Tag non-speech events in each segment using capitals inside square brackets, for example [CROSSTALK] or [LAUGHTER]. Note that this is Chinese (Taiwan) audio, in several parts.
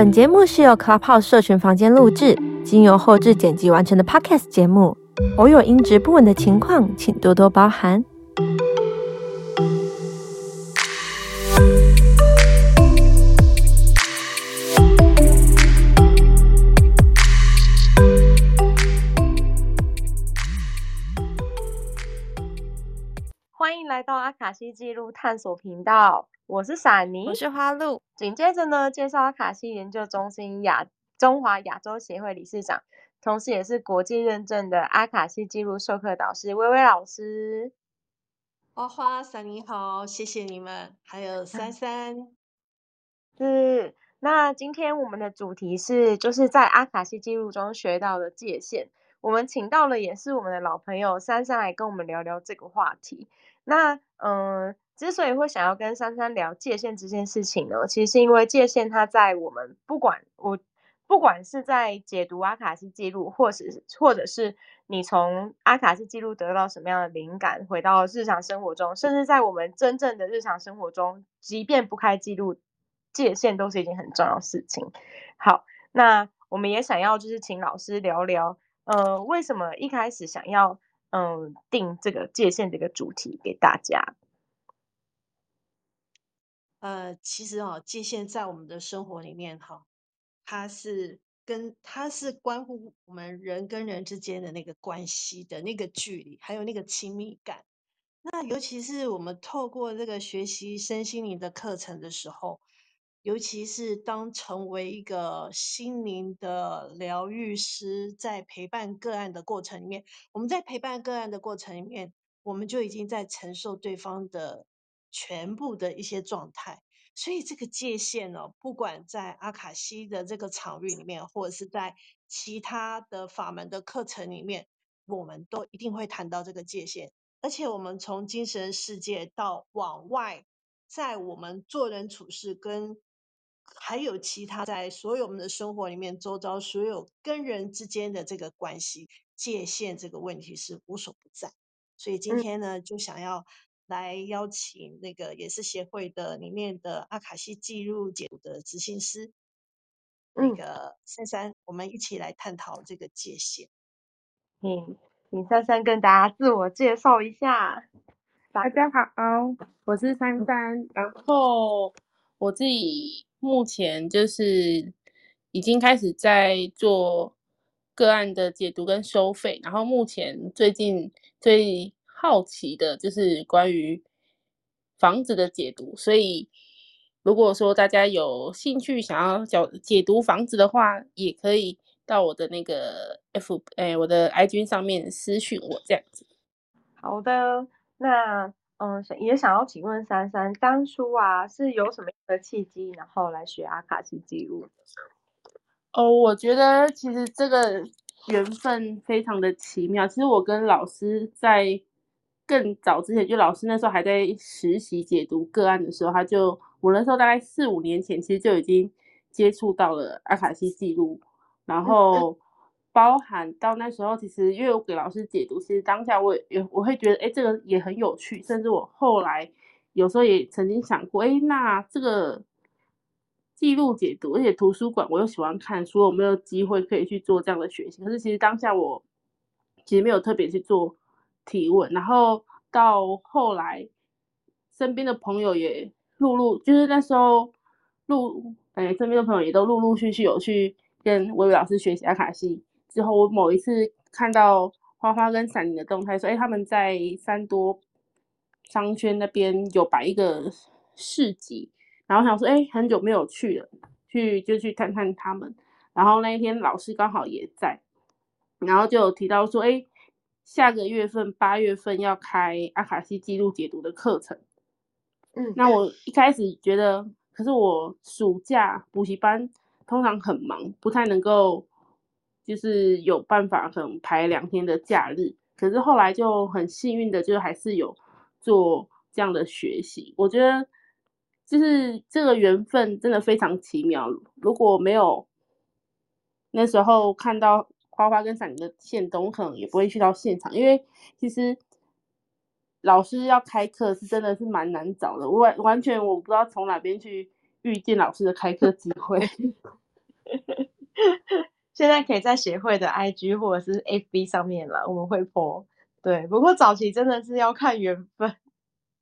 本節目是由 Clubhouse 社群房間錄製，經由後製剪輯完成的 Podcast 節目。偶有音質不穩的情況，請多多包涵。卡西記錄探索頻道，我是閃妮，我是花露。緊接着呢，介紹阿卡西研究中心亞中華亞洲協會理事長，同時也是國際認證的阿卡西記錄授課導師薇薇老師。花、哦、花、閃妮好，謝謝你們。還有珊珊，嗯、是那今天我們的主題是，就是在阿卡西記錄中學到的界線。我們請到了也是我們的老朋友珊珊來跟我們聊聊這個話題。那嗯、呃，之所以會想要跟珊珊聊界線這件事情呢，其實是因為界線它在我們不管我，不管是在解讀阿卡西記錄，或是或者是你從阿卡西記錄得到什麼樣的靈感，回到日常生活中，甚至在我們真正的日常生活中，即便不開記錄，界線都是一件很重要的事情。好，那我們也想要就是請老師聊聊，呃，為什麼一開始想要。嗯，定這個界線這個主題給大家。呃，其實哦，界線在我們的生活裡面哈、哦，它是跟，它是關乎我們人跟人之間的那個關係的那個距離，還有那個親密感。那尤其是我們透過這個學習身心靈的課程的時候。尤其是當成為一個心靈的療癒師，在陪伴個案的過程裡面，我們在陪伴個案的過程裡面，我們就已經在承受對方的全部的一些狀態。所以這個界線呢、喔，不管在阿卡西的這個場域裡面，或者是在其他的法門的課程裡面，我們都一定會談到這個界線。而且我們從精神世界到往外，在我們做人處事跟還有其他在所有我們的生活裡面，周遭所有跟人之間的這個關係界限，這個問題是無所不在。所以今天呢、嗯，就想要來邀請那個也是協會的裡面的阿卡西記錄解讀的執行師，那個姍姍、嗯，我們一起來探討這個界限。嗯，請姍姍跟大家自我介紹一下。大家好，大家好，我是姍姍，然後、哦。我自己目前就是已經開始在做個案的解讀跟收費，然後目前最近最好奇的就是關於房子的解讀，所以如果說大家有興趣想要解解讀房子的話，也可以到我的那個 F 哎我的 IG 上面私訊我這樣子。好的，那。嗯，也想要請問珊珊，當初啊是有什麼樣的契機，然後來學阿卡西記錄哦，我覺得其實這個緣分非常的奇妙。其實我跟老師在更早之前，就老師那時候還在實習解讀個案的時候，他就我那時候大概四五年前，其實就已經接觸到了阿卡西記錄，然後。 [LAUGHS] 包含到那時候，其實因為我給老師解讀，其實當下我也我會覺得，哎、欸，這個也很有趣。甚至我後來有時候也曾經想過，哎、欸，那這個記錄解讀，而且圖書館我又喜歡看書，我沒有機會可以去做這樣的學習。可是其實當下我其實沒有特別去做提問。然後到後來，身邊的朋友也陸陸就是那時候陸哎，感覺身邊的朋友也都陸陸續續有去跟薇薇老師學習阿卡西。之後，我某一次看到花花跟閃妮的動態，說：“誒、欸、他們在三多商圈那邊有擺一個市集。”然後想說：“哎、欸，很久沒有去了，去就去看看他們。”然後那一天老師剛好也在，然後就有提到說：“哎、欸，下個月份八月份要開阿卡西記錄解讀的課程。”嗯，那我一開始覺得，可是我暑假補習班通常很忙，不太能夠。就是有辦法可能排兩天的假日，可是後來就很幸運的，就還是有做這樣的學習。我覺得就是這個緣分真的非常奇妙。如果沒有那時候看到花花跟閃妮的限動，可能也不會去到現場。因為其實老師要開課是真的是蠻難找的，我完全我不知道從哪邊去預見老師的開課機會。 [LAUGHS] 現在可以在協會的 IG 或者是 FB 上面啦，我們會播。對，不過早期真的是要看緣分，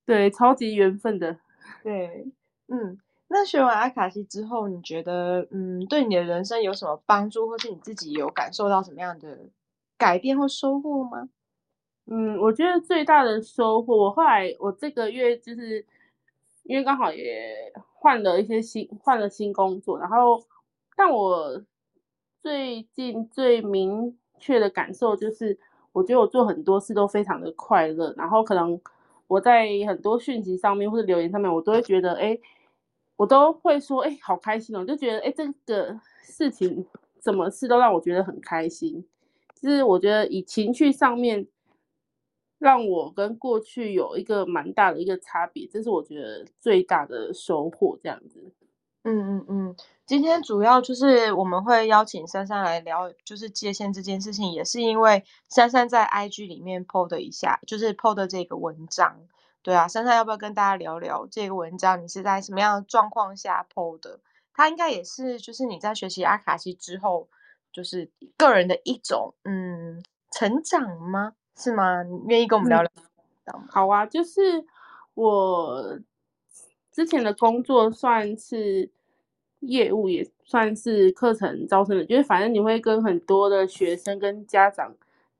對，超級緣分的。對，嗯，那學完阿卡西之後，你覺得，嗯，對你的人生有什麼幫助，或是你自己有感受到什麼樣的改變或收穫嗎？嗯，我覺得最大的收穫，我後來我這個月就是因為剛好也換了一些新換了新工作，然後但我最近最明確的感受就是，我覺得我做很多事都非常的快樂。然後可能我在很多訊息上面或者留言上面，我都會覺得，誒，我都會說，誒，好開心哦！就覺得，誒，這個事情什麼事都讓我覺得很開心。就是我覺得以情緒上面，讓我跟過去有一個蠻大的一個差別，這是我覺得最大的收穫。這樣子。嗯嗯嗯，今天主要就是我們會邀請珊珊來聊，就是界線這件事情，也是因為珊珊在 IG 裡面 PO 的，一下就是 PO 的這個文章，對啊，珊珊要不要跟大家聊聊這個文章？你是在什麼樣的狀況下 PO 的？它應該也是就是你在學習阿卡西之後，就是個人的一種嗯成長嗎？是嗎？你願意跟我們聊聊？嗯、好啊，就是我之前的工作算是。業務也算是課程招生的，就是反正你會跟很多的學生跟家長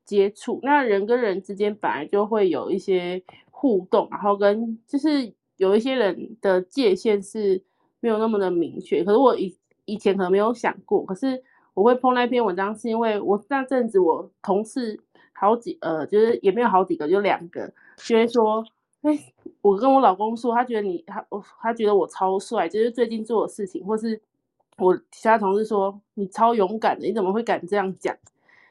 接觸，那人跟人之間本來就會有一些互動，然後跟就是有一些人的界限是沒有那麼的明確。可是我以以前可能沒有想過，可是我會碰那篇文章，是因為我那陣子我同事好幾呃、就是也沒有好幾個，就兩個，就是說，欸，我跟我老公說，他覺得你他我他覺得我超帥，就是最近做的事情，或是我其他同事說你超勇敢的，你怎麼會敢這樣講？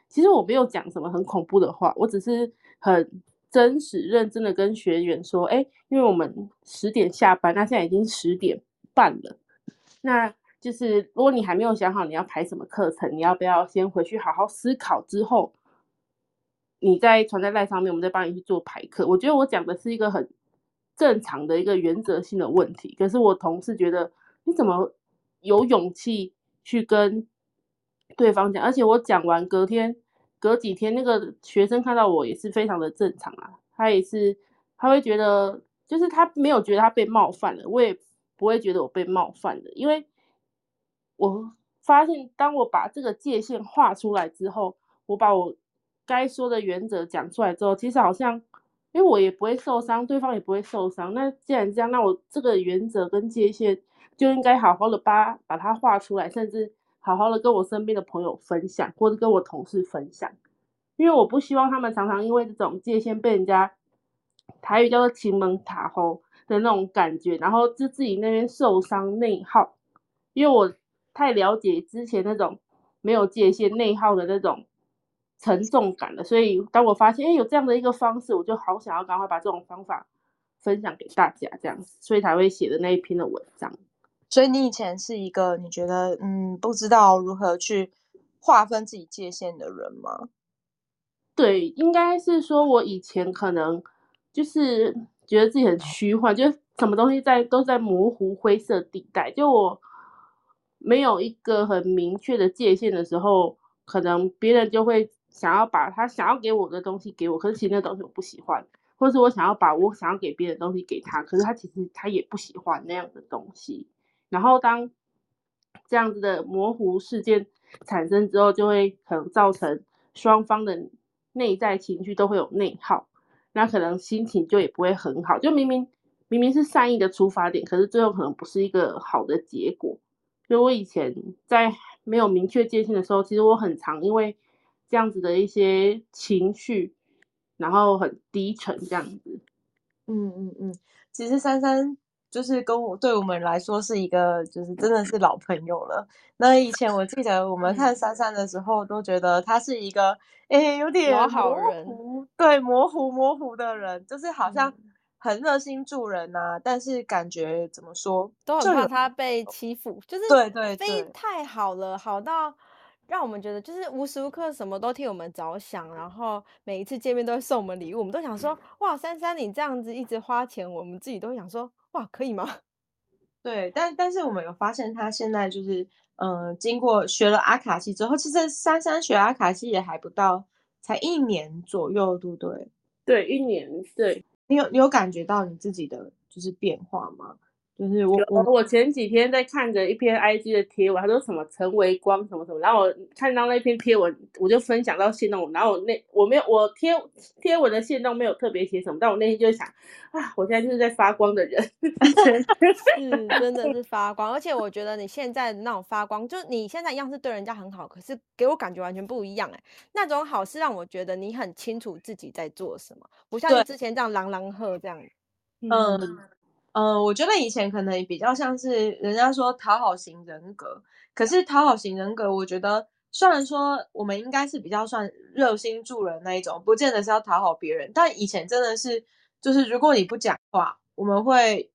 其實我沒有講什麼很恐怖的話，我只是很真實、認真的跟學員說，哎、欸，因為我們十點下班，那現在已經十點半了，那就是如果你還沒有想好你要排什麼課程，你要不要先回去好好思考之後？你在傳在賴上面，我們再幫你去做排課。我覺得我講的是一個很正常的一個原則性的問題，可是我同事覺得你怎麼有勇氣去跟對方講？而且我講完隔天、隔幾天，那個學生看到我也是非常的正常啊，他也是他會覺得，就是他沒有覺得他被冒犯了，我也不會覺得我被冒犯的，因為我發現當我把這個界線畫出來之後，我把我。該說的原則講出來之後，其實好像，因為我也不會受傷，對方也不會受傷。那既然這樣，那我這個原則跟界線就應該好好的把把它畫出來，甚至好好的跟我身邊的朋友分享，或者跟我同事分享。因為我不希望他們常常因為這種界線被人家，台語叫做“侵門踏戶”的那種感覺，然後就自己那邊受傷內耗。因為我太了解之前那種沒有界線內耗的那種。沉重感的，所以當我發現哎、欸、有這樣的一個方式，我就好想要趕快把這種方法分享給大家，這樣子，所以才會寫的那一篇的文章。所以你以前是一個你覺得嗯不知道如何去劃分自己界限的人嗎？對，應該是說我以前可能就是覺得自己很虛幻，就什麼東西在都在模糊灰色地帶，就我沒有一個很明確的界限的時候，可能別人就會。想要把他想要給我的東西給我，可是其實那東西我不喜歡，或者是我想要把我想要給別人的東西給他，可是他其實他也不喜歡那樣的東西。然後當這樣子的模糊事件產生之後，就會可能造成雙方的內在情緒都會有內耗，那可能心情就也不會很好。就明明明明是善意的出發點，可是最後可能不是一個好的結果。就我以前在沒有明確界線的時候，其實我很常因為。這樣子的一些情緒，然後很低沉，這樣子。嗯嗯嗯，其實珊珊就是跟我對我們來說是一個，就是真的是老朋友了。那以前我記得我們看珊珊的時候，都覺得他是一個，哎、嗯欸，有點模糊，啊、好人對，模糊模糊的人，就是好像很熱心助人吶、啊，嗯、但是感覺怎麼說，都很怕他被欺負，就，有就是對對對，太好了，好到。讓我們覺得就是無時無刻什麼都替我們着想，然後每一次見面都會送我們禮物，我們都想說哇，珊珊，你這樣子一直花錢，我們自己都想說哇，可以嗎？對，但但是我們有發現他現在就是嗯、呃，經過學了阿卡西之後，其實珊珊學阿卡西也還不到，才一年左右，對不對？對，一年，對。你有你有感覺到你自己的就是變化嗎？就是我我、嗯、我前幾天在看着一篇 IG 的貼文，他說什麼成為光什麼什麼，然後我看到那篇貼文，我就分享到信，動，然後我那我沒有我貼貼文的線動沒有特別寫什麼，但我那天就想啊，我現在就是在發光的人， [LAUGHS] [LAUGHS] 是真的是發光，而且我覺得你現在那種發光，就你現在一樣是對人家很好，可是給我感覺完全不一樣哎、欸，那種好是讓我覺得你很清楚自己在做什麼，不像你之前這樣狼狼喝這樣，對嗯。嗯嗯、呃，我覺得以前可能也比較像是人家說討好型人格，可是討好型人格，我覺得雖然說我們應該是比較算熱心助人那一種，不見得是要討好別人，但以前真的是，就是如果你不講話，我們會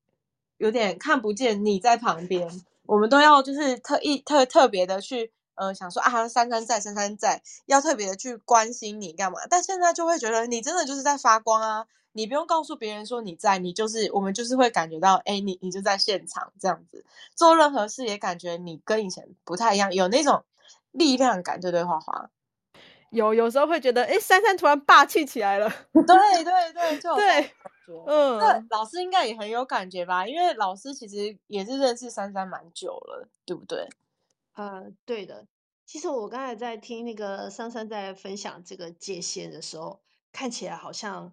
有點看不見你在旁邊，我們都要就是特意特特別的去，呃，想說啊，姍姍在，姍姍在，要特別的去關心你幹嘛？但現在就會覺得你真的就是在發光啊。你不用告訴別人說你在，你就是我們就是會感覺到，誒你你就在現場這樣子做任何事，也感覺你跟以前不太一樣，有那種力量感就對花花，對對？花花有，有時候會覺得，哎，珊珊突然霸氣起來了，對對對，就對，嗯，那老師應該也很有感覺吧？因為老師其實也是認識珊珊蠻久了，對不對？嗯、呃，對的。其實我剛才在聽那個珊珊在分享這個界線的時候，看起來好像。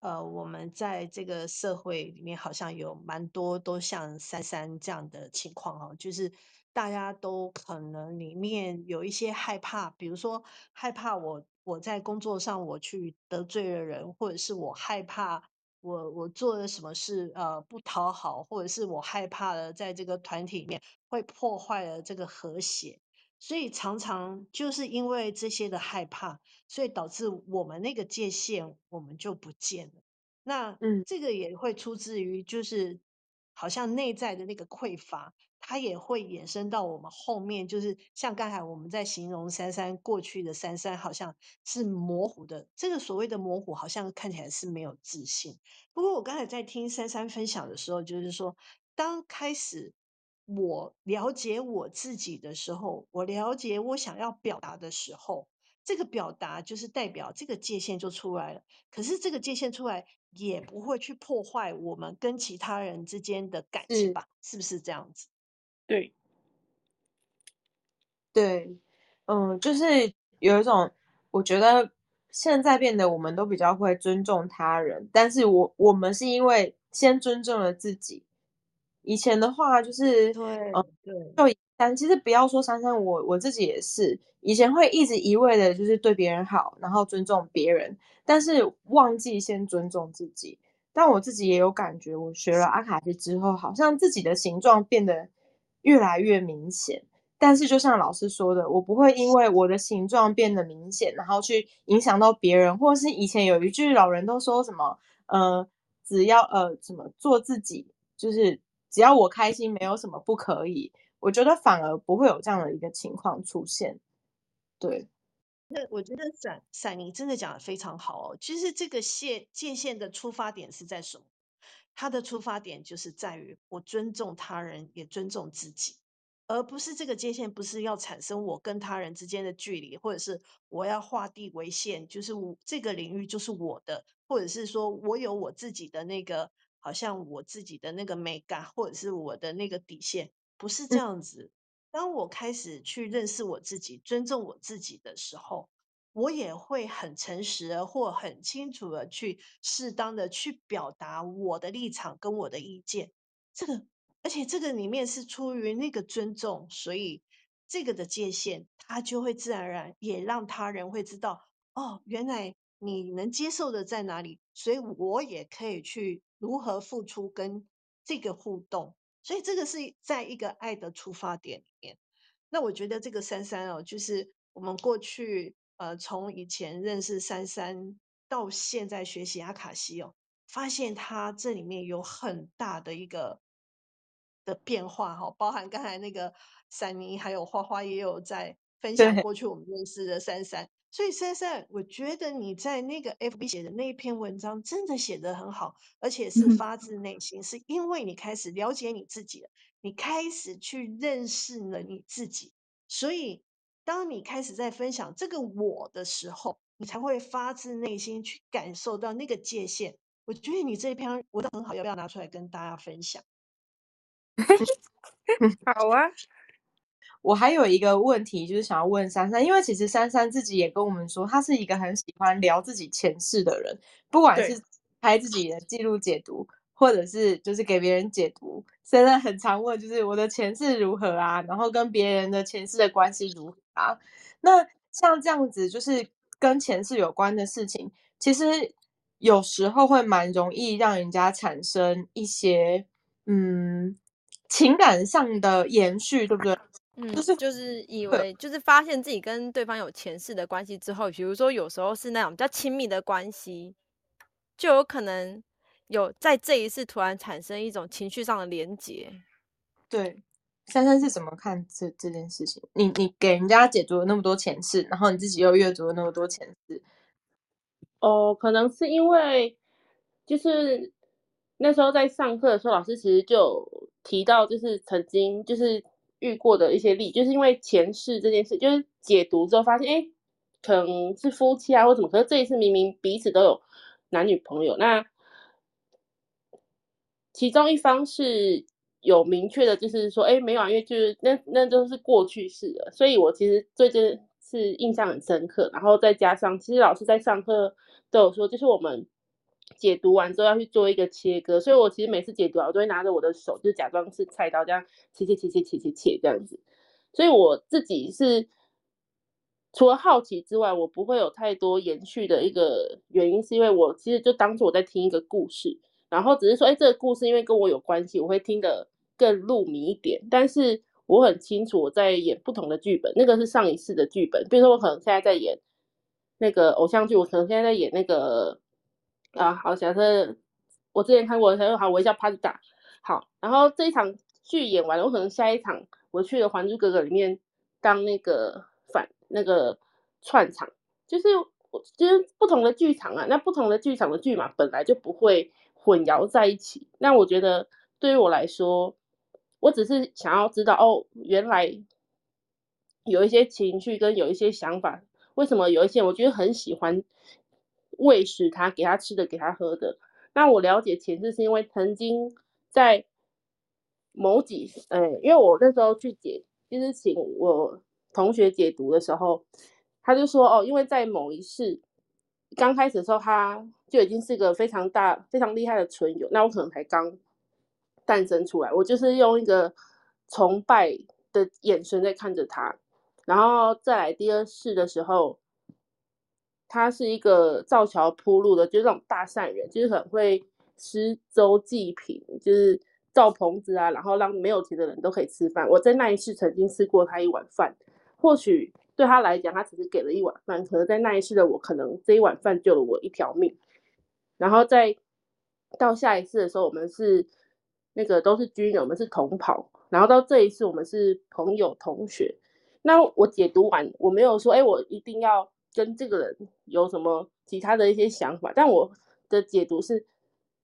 呃，我們在這個社會裡面好像有蠻多都像姍姍這樣的情況哦，就是大家都可能裡面有一些害怕，比如說害怕我我在工作上我去得罪了人，或者是我害怕我我做了什麼事呃不討好，或者是我害怕了，在這個團體裡面會破壞了這個和諧。所以常常就是因為這些的害怕，所以導致我們那個界限，我們就不見了。那嗯，這個也會出自於就是好像內在的那個匱乏，它也會衍生到我們後面，就是像剛才我們在形容姍姍過去的姍姍，好像是模糊的。這個所謂的模糊，好像看起來是沒有自信。不過我剛才在聽姍姍分享的時候，就是說，當開始。我了解我自己的時候，我了解我想要表達的時候，這個表達就是代表這個界限，就出來了。可是這個界限出來，也不會去破壞我們跟其他人之間的感情吧？嗯，是不是這樣子？對，對，嗯，就是有一種，我覺得現在變得我們都比較會尊重他人，但是我我們是因為先尊重了自己。以前的話就是，嗯，對，就以前，呃、其實不要說姍姍，我我自己也是，以前會一直一味的就是對別人好，然後尊重別人，但是忘記先尊重自己。但我自己也有感覺，我學了阿卡西之後，是好像自己的形狀變得越來越明顯。但是就像老師說的，我不會因為我的形狀變得明顯，然後去影響到別人，或是以前有一句老人都說什麼，呃，只要呃，怎麼做自己就是。只要我開心，沒有什麼不可以。我覺得反而不會有這樣的一個情況出現。對，那我覺得閃閃妮真的講的非常好哦。其實這個線、界限的出發點是在什麼？它的出發點就是在於我尊重他人，也尊重自己，而不是這個界限，不是要產生我跟他人之間的距離，或者是我要劃地為線，就是我這個領域就是我的，或者是說我有我自己的那個。好像我自己的那個美感，或者是我的那個底線，不是這樣子。嗯，當我開始去認識我自己、尊重我自己的時候，我也會很誠實的或很清楚的去適當的去表達我的立場跟我的意見。這個，而且這個裡面是出於那個尊重，所以這個的界限，它就會自然而然也讓他人會知道，哦，原來你能接受的在哪裡，所以我也可以去。如何付出跟這個互動？所以這個是在一個愛的出發點裡面。那我覺得這個姍姍哦，就是我們過去呃，從以前認識姍姍到現在學習阿卡西哦，發現他這裡面有很大的一個的變化哈、哦，包含剛才那個閃妮還有花花也有在分享過去我們認識的姍姍所以，珊珊，我覺得你在那個 FB 寫的那一篇文章真的寫得很好，而且是發自內心，嗯、是因為你開始了解你自己了，你開始去認識了你自己，所以當你開始在分享這個我的時候，你才會發自內心去感受到那個界限。我覺得你這篇文章很好，要不要拿出來跟大家分享？ [LAUGHS] [LAUGHS] 好啊。我還有一個問題，就是想要問珊珊，因為其實珊珊自己也跟我們說，她是一個很喜歡聊自己前世的人，不管是開自己的記錄解讀，對或者是就是給別人解讀，珊珊很常問，就是我的前世如何啊，然後跟別人的前世的關係如何啊？那像這樣子，就是跟前世有關的事情，其實有時候會蠻容易讓人家產生一些嗯情感上的延續，對不對？就是、嗯，就是以為就是發現自己跟對方有前世的關係之後，比如說有時候是那種比較親密的關係，就有可能有在這一世突然產生一種情緒上的連結。對，姍姍是怎麼看這這件事情？你你給人家解讀了那麼多前世，然後你自己又閱讀了那麼多前世，哦，可能是因為就是那時候在上課的時候，老師其實就提到，就是曾經就是。遇過的一些例，就是因為前世這件事，就是解讀之後發現，哎，可能是夫妻啊或什麼。可是這一次明明彼此都有男女朋友，那其中一方是有明確的，就是說，哎，沒有啊，因為，就是那那都是過去式了。所以我其實對這次印象很深刻，然後再加上，其實老師在上課都有說，就是我們。解讀完之後要去做一個切割，所以我其實每次解讀完我都會拿着我的手，就假裝是菜刀這樣切切切切切切切切這樣子。所以我自己是除了好奇之外，我不會有太多延續的一個原因，是因為我其實就當作我在聽一個故事，然後只是說，哎，這個故事因為跟我有關係，我會聽得更入迷一點。但是我很清楚我在演不同的劇本，那個是上一世的劇本。比如說，我可能現在在演那個偶像劇，我可能現在在演那個。啊，好，像是我之前看過，他說，好，我叫帕 a n 好，然後這一場劇演完了，我可能下一場我去的《還珠格格》裡面當那個反那個串場，就是我就是不同的劇場啊，那不同的劇場的劇嘛，本來就不會混淆在一起。那我覺得對於我來說，我只是想要知道哦，原來有一些情緒跟有一些想法，為什麼有一些我覺得很喜歡。餵食他，給他吃的，給他喝的。那我了解前世是因為曾經在某幾，哎、欸，因為我那時候去解，就是請我同學解讀的時候，他就說哦，因為在某一世剛開始的時候，他就已經是個非常大、非常厲害的存有，那我可能才剛誕生出來，我就是用一個崇拜的眼神在看着他，然後再來第二世的時候。他是一個造橋鋪路的，就是那種大善人，就是很會施粥濟貧，就是造棚子啊，然後讓沒有錢的人都可以吃飯。我在那一世曾經吃過他一碗飯，或許對他來講，他只是給了一碗飯，可能在那一世的我，可能這一碗飯救了我一條命。然後再到下一次的時候，我們是那個都是軍人，我們是同袍。然後到這一次，我們是朋友同學。那我解讀完，我沒有說，哎，我一定要。跟這個人有什麼其他的一些想法？但我的解讀是，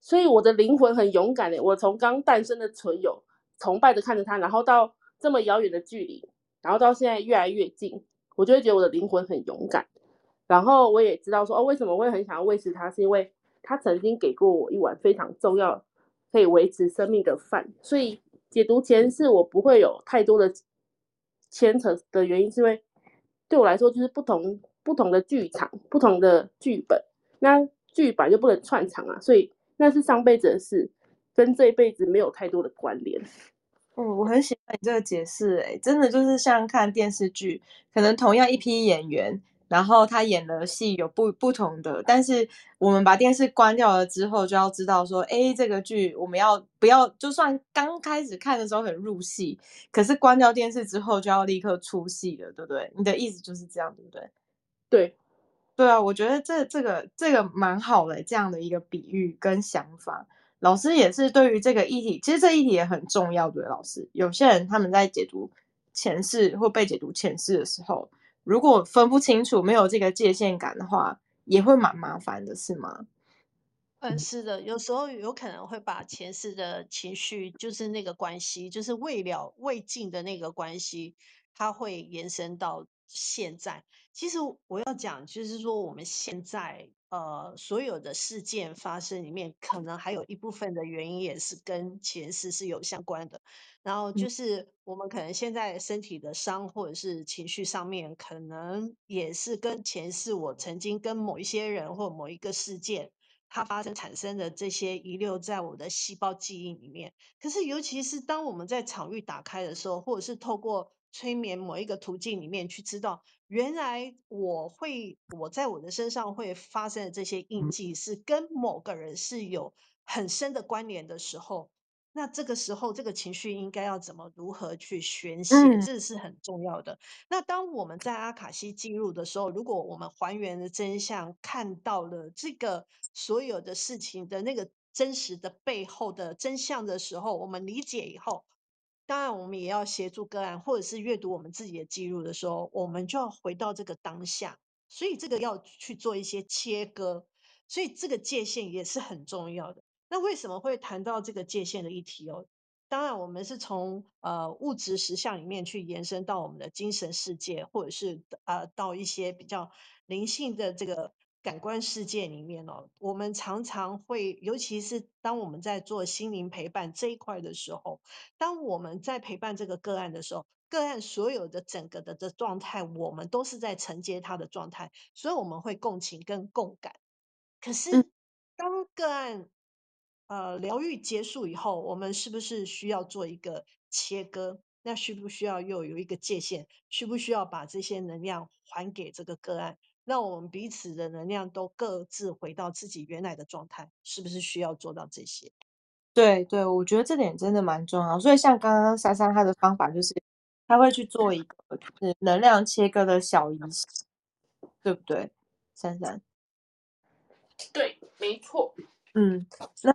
所以我的靈魂很勇敢的、欸、我從剛誕生的存有崇拜的看着他，然後到這麼遙遠的距離，然後到現在越來越近，我就會覺得我的靈魂很勇敢。然後我也知道說，哦，為什麼我會很想要餵食他，是因為他曾經給過我一碗非常重要可以維持生命的飯。所以解讀前世我不會有太多的牽扯的原因，是因為對我來說就是不同。不同的劇場，不同的劇本，那劇本就不能串場啊，所以那是上輩子的事，跟這一輩子沒有太多的關聯。嗯、哦，我很喜歡你這個解釋欸，哎，真的就是像看電視劇，可能同樣一批演員，然後他演的戲有不不同的，但是我們把電視關掉了之後，就要知道說，哎，這個劇我們要不要？就算剛開始看的時候很入戲，可是關掉電視之後就要立刻出戲了，對不對？你的意思就是這樣，對不對？對，對啊，我覺得這這個這個蠻好的，這樣的一個比喻跟想法。老師也是對於這個議題，其實這議題也很重要，對老師。有些人他們在解讀前世或被解讀前世的時候，如果分不清楚、沒有這個界限感的話，也會蠻麻煩的，是嗎？嗯，是的，有時候有可能會把前世的情緒，就是那個關係，就是未了，未盡的那個關係，它會延伸到現在。其實我要講，就是說我們現在呃所有的事件發生裡面，可能還有一部分的原因也是跟前世是有相關的。然後就是我們可能現在身體的傷或者是情緒上面，可能也是跟前世我曾經跟某一些人或者某一個事件它發生產生的這些遺留在我的細胞記憶裡面。可是尤其是當我們在場域打開的時候，或者是透過催眠某一個途徑裡面去知道，原來我會我在我的身上會發生的這些印記是跟某個人是有很深的關聯的時候，那這個時候這個情緒應該要怎麼如何去宣洩，這是很重要的。那當我們在阿卡西紀錄的時候，如果我們還原了真相，看到了這個所有的事情的那個真實的背後的真相的時候，我們理解以後。當然，我們也要協助個案，或者是閱讀我們自己的記錄的時候，我們就要回到這個當下，所以這個要去做一些切割，所以這個界限也是很重要的。那為什麼會談到這個界限的議題？哦，當然，我們是從呃物質實相裡面去延伸到我們的精神世界，或者是啊、呃、到一些比較靈性的這個。感官世界裡面哦，我們常常會，尤其是當我們在做心靈陪伴這一塊的時候，當我們在陪伴這個個案的時候，個案所有的整個的的狀態，我們都是在承接它的狀態，所以我們會共情跟共感。可是，當個案呃療癒結束以後，我們是不是需要做一個切割？那需不需要又有一個界限？需不需要把這些能量還給這個個案？那我們彼此的能量都各自回到自己原來的狀態，是不是需要做到這些？對對，我覺得這點真的蠻重要。所以像剛剛姍姍她的方法，就是她會去做一個就是能量切割的小儀式，對不對？姍姍？對，沒錯。嗯，那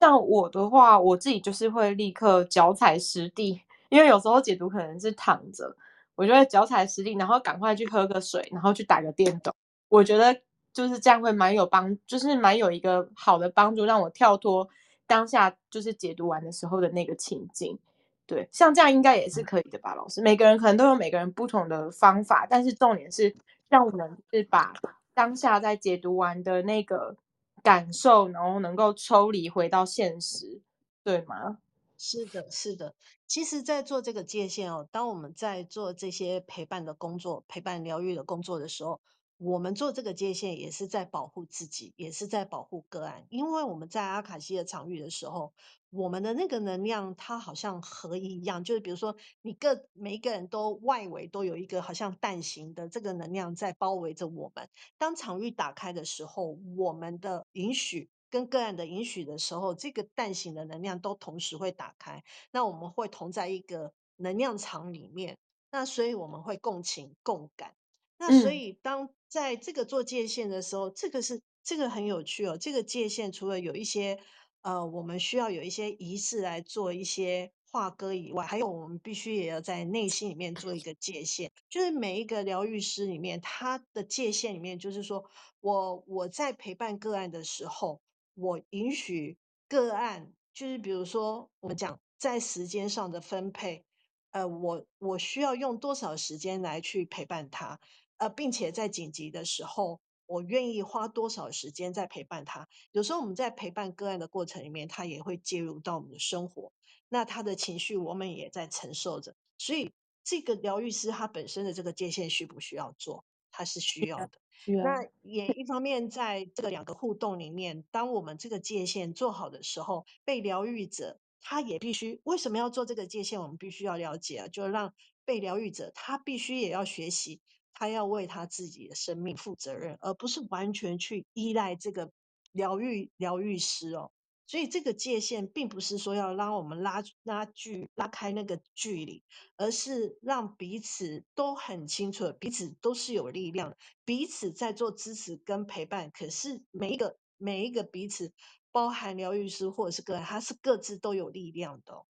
像我的話，我自己就是會立刻腳踩實地，因為有時候解讀可能是躺着。我覺得腳踩實地，然後趕快去喝個水，然後去打個電動。我覺得就是這樣會蠻有幫，就是蠻有一個好的幫助，讓我跳脫當下就是解讀完的時候的那個情境。對，像這樣應該也是可以的吧，老師。每個人可能都有每個人不同的方法，但是重點是讓我們是把當下在解讀完的那個感受，然後能夠抽離回到現實，對嗎？是的，是的。其實，在做這個界限哦，當我們在做這些陪伴的工作、陪伴療癒的工作的時候，我們做這個界限也是在保護自己，也是在保護個案。因為我們在阿卡西的場域的時候，我們的那個能量，它好像合一一樣，就是比如說，你個每一個人都外圍都有一個好像蛋形的這個能量在包圍着我們。當場域打開的時候，我們的允許跟個案的允許的時候，這個蛋形的能量都同時會打開。那我們會同在一個能量場裡面，那所以我們會共情共感。那所以當在這個做界限的時候，這個是這個很有趣哦。這個界限除了有一些呃，我們需要有一些儀式來做一些劃割以外，還有我們必須也要在內心裡面做一個界限。就是每一個療癒師裡面，他的界限裡面，就是說我我在陪伴個案的時候。我允許個案，就是比如說我們講在時間上的分配，呃，我我需要用多少時間來去陪伴他，呃，並且在緊急的時候，我願意花多少時間在陪伴他。有時候我們在陪伴個案的過程裡面，他也會介入到我們的生活，那他的情緒我們也在承受着。所以，這個療癒師他本身的這個界限需不需要做？他是需要的。啊、那也一方面在這個兩個互動裡面，當我們這個界限做好的時候，被療癒者他也必須，為什麼要做這個界限？我們必須要了解啊，就讓被療癒者他必須也要學習，他要為他自己的生命負責任，而不是完全去依賴這個療癒、療癒師哦。所以這個界限並不是說要讓我們拉拉，拉距拉開那個距離，而是讓彼此都很清楚，彼此都是有力量的，彼此在做支持跟陪伴。可是每一個每一個彼此，包含療癒師或者是個人，他是各自都有力量的哦。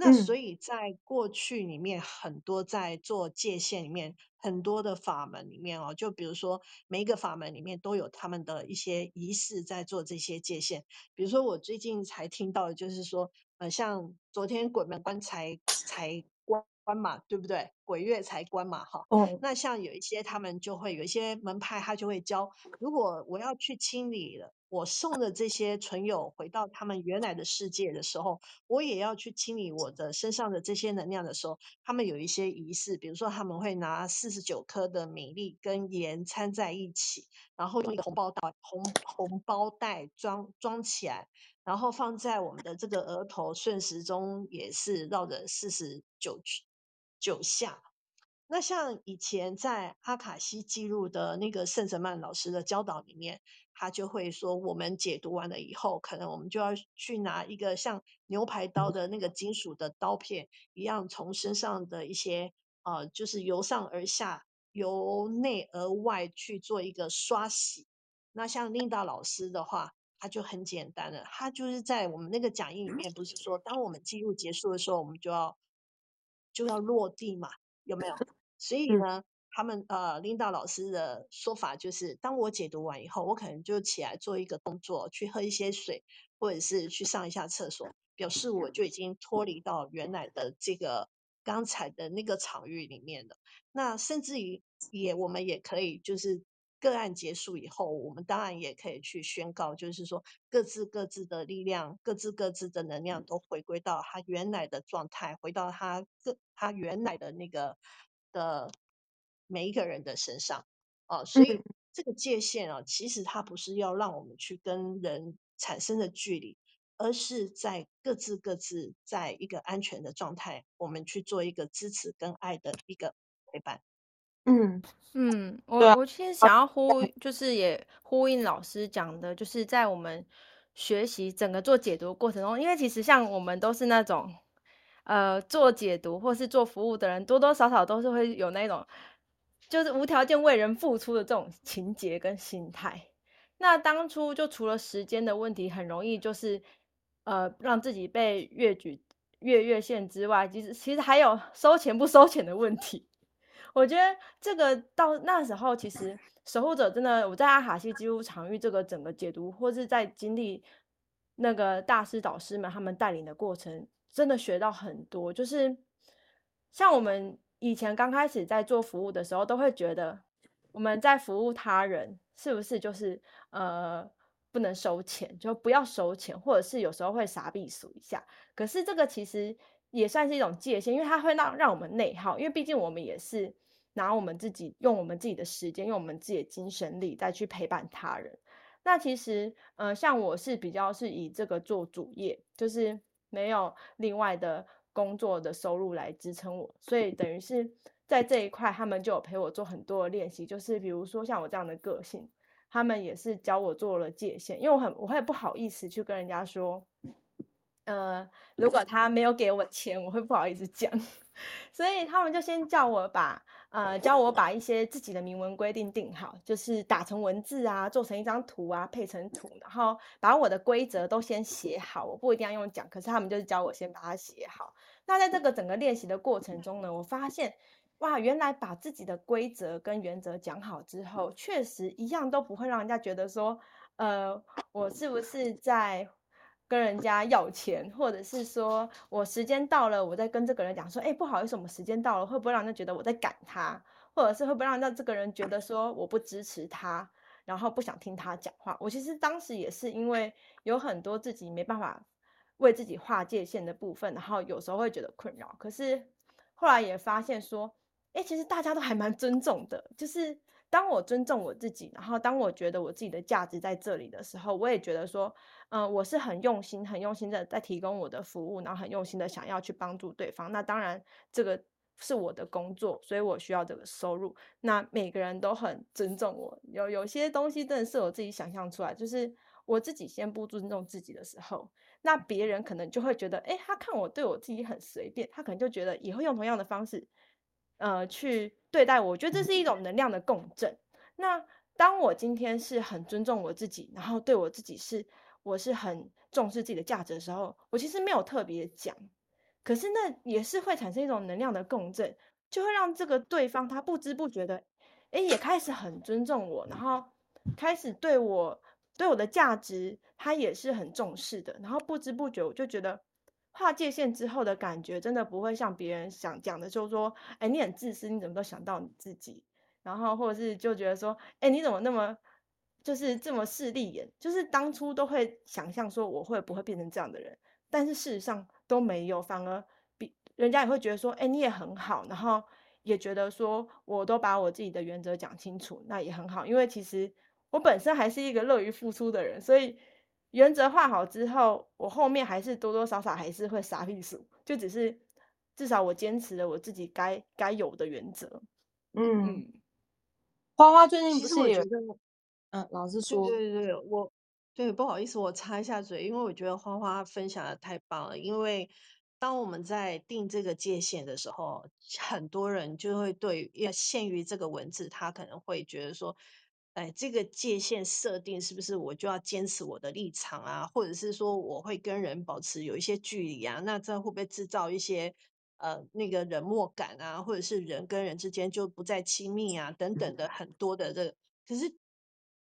那所以，在過去裡面，很多在做界限裡面，嗯、很多的法門裡面哦，就比如說，每一個法門裡面都有他們的一些儀式在做這些界限。比如說，我最近才聽到的，就是說，呃，像昨天鬼門關才才關。 [COUGHS] 關嘛，對不對？鬼月才關嘛，哈。Oh. 那像有一些他們就會有一些門派，他就會教，如果我要去清理了我送的這些存有，回到他們原來的世界的時候，我也要去清理我的身上的這些能量的時候，他們有一些儀式，比如說他們會拿四十九顆的米粒跟鹽摻在一起，然後用一個紅包袋紅紅包袋裝裝起來，然後放在我們的這個額頭，順時鐘也是繞着四十九圈。九下，那像以前在阿卡西記錄的那個聖哲曼老師的教導裡面，他就會說，我們解讀完了以後，可能我們就要去拿一個像牛排刀的那個金屬的刀片一樣，從身上的一些呃，就是由上而下、由內而外去做一個刷洗。那像琳達老師的話，他就很簡單了，他就是在我們那個講義裡面，不是說當我們記錄結束的時候，我們就要。就要落地嘛，有沒有？所以呢，他們呃琳達老師的說法就是，當我解讀完以後，我可能就起來做一個動作，去喝一些水，或者是去上一下廁所，表示我就已經脫離到原來的這個剛才的那個場域裡面了。那甚至於也，我們也可以就是。個案結束以後，我們當然也可以去宣告，就是說，各自各自的力量、各自各自的能量都回歸到他原來的狀態，回到他個，他原來的那個的每一個人的身上啊、哦。所以這個界線啊，其實它不是要讓我們去跟人產生的距離，而是在各自各自在一個安全的狀態，我們去做一個支持跟愛的一個陪伴。嗯嗯，嗯啊、我我其實想要呼，對就是也呼應老師講的，就是在我們學習整個做解讀過程中，因為其實像我們都是那種，呃，做解讀或是做服務的人，多多少少都是會有那種，就是無條件為人付出的這種情結跟心態。那當初就除了時間的問題，很容易就是呃讓自己被越舉越越線之外，其實其實還有收錢不收錢的問題。我覺得這個到那時候，其實守護者真的，我在阿卡西紀錄場域這個整個解讀，或是在經歷那個大師導師們他們帶領的過程，真的學到很多。就是像我們以前剛開始在做服務的時候，都會覺得我們在服務他人是不是就是呃不能收錢，就不要收錢，或者是有時候會傻逼數一下。可是這個其實。也算是一種界限，因為它會讓讓我們內耗，因為畢竟我們也是拿我們自己用我們自己的時間，用我們自己的精神力再去陪伴他人。那其實，嗯、呃，像我是比較是以這個做主業，就是沒有另外的工作的收入來支撐我，所以等於是在這一塊，他們就有陪我做很多的練習。就是比如說像我這樣的個性，他們也是教我做了界限，因為我很我會不好意思去跟人家說。呃，如果他沒有給我錢，我會不好意思講， [LAUGHS] 所以他們就先叫我把，呃，教我把一些自己的明文規定定好，就是打成文字啊，做成一張圖啊，配成圖，然後把我的規則都先寫好，我不一定要用講，可是他們就是教我先把它寫好。那在這個整個練習的過程中呢，我發現，哇，原來把自己的規則跟原則講好之後，確實一樣都不會讓人家覺得說，呃，我是不是在。跟人家要錢，或者是說我時間到了，我在跟這個人講說，哎、欸，不好意思，我們時間到了，會不會讓人覺得我在趕他？或者是會不會讓讓這個人覺得說我不支持他，然後不想聽他講話？我其實當時也是因為有很多自己沒辦法為自己劃界限的部分，然後有時候會覺得困擾。可是後來也發現說，哎、欸，其實大家都還蠻尊重的。就是當我尊重我自己，然後當我覺得我自己的價值在這裡的時候，我也覺得說。嗯、呃，我是很用心、很用心的在提供我的服務，然後很用心的想要去幫助對方。那當然，這個是我的工作，所以我需要這個收入。那每個人都很尊重我，有有些東西真的是我自己想象出來，就是我自己先不尊重自己的時候，那別人可能就會覺得，誒、欸，他看我對我自己很隨便，他可能就覺得也會用同樣的方式，呃，去對待我。我覺得這是一種能量的共振。那當我今天是很尊重我自己，然後對我自己是。我是很重視自己的價值的時候，我其實沒有特別講，可是那也是會產生一種能量的共振，就會讓這個對方他不知不覺的，哎、欸，也開始很尊重我，然後開始對我、對我的價值，他也是很重視的。然後不知不覺我就覺得，劃界線之後的感覺，真的不會像別人想講的，就是說，哎、欸，你很自私，你怎麼都想到你自己，然後或者是就覺得說，哎、欸，你怎麼那麼……就是這麼勢利眼，就是當初都會想象說我會不會變成這樣的人，但是事實上都沒有，反而比人家也會覺得說，哎，你也很好，然後也覺得說，我都把我自己的原則講清楚，那也很好，因為其實我本身還是一個樂於付出的人，所以原則畫好之後，我後面還是多多少少還是會殺必死，就只是至少我堅持了我自己該該有的原則。嗯，花、嗯、花最近不是，是覺得也是？嗯、啊，老師說，對，對對對，我對不好意思，我插一下嘴，因為我覺得花花分享的太棒了。因為當我們在定這個界限的時候，很多人就會對，要限於這個文字，他可能會覺得說，哎，這個界限設定是不是我就要堅持我的立場啊？或者是說我會跟人保持有一些距離啊？那這會不會製造一些呃那個人漠感啊，或者是人跟人之間就不再親密啊等等的很多的這個、可是。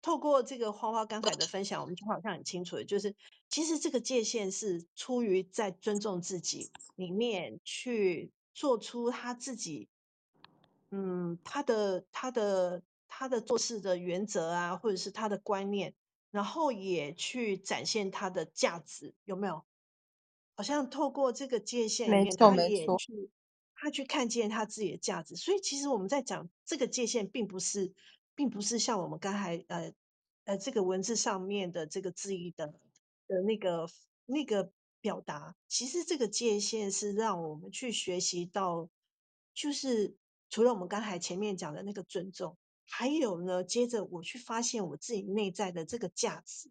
透過這個花花剛才的分享，我們就好像很清楚了，就是其實這個界限、界線，是出於在尊重自己裡面去做出他自己，嗯，他的他的他的做事的原則啊，或者是他的觀念，然後也去展現他的價值，有沒有？好像透過這個界線裡面，他也去他去看見他自己的價值。所以其實我們在講這個界線，並不是。並不是像我們剛才呃呃這個文字上面的這個字義的的那個那個表達，其實這個界線是讓我們去學習到，就是除了我們剛才前面講的那個尊重，還有呢，接着我去發現我自己內在的這個價值，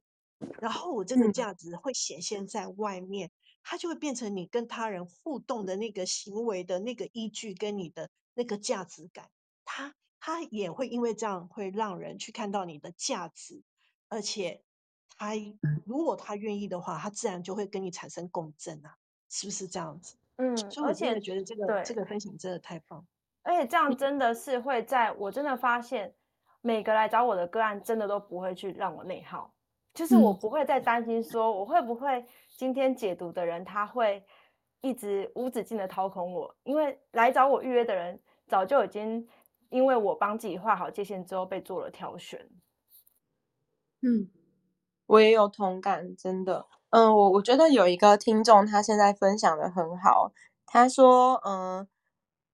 然後我這個價值會顯現在外面，嗯、它就會變成你跟他人互動的那個行為的那個依據跟你的那個價值感，它。他也會因為這樣會讓人去看到你的價值，而且他如果他願意的話，他自然就會跟你產生共振啊，是不是這樣子？嗯，而且我覺得這個對這個分享真的太棒，而且這樣真的是會在我真的發現每個來找我的個案，真的都不會去讓我內耗，就是我不會再擔心說我會不會今天解讀的人他會一直無止境的掏空我，因為來找我預約的人早就已經。因為我幫自己畫好界限，之後，被做了挑選。嗯，我也有同感，真的。嗯、呃，我我覺得有一個聽眾，他現在分享得很好。他說，嗯、呃，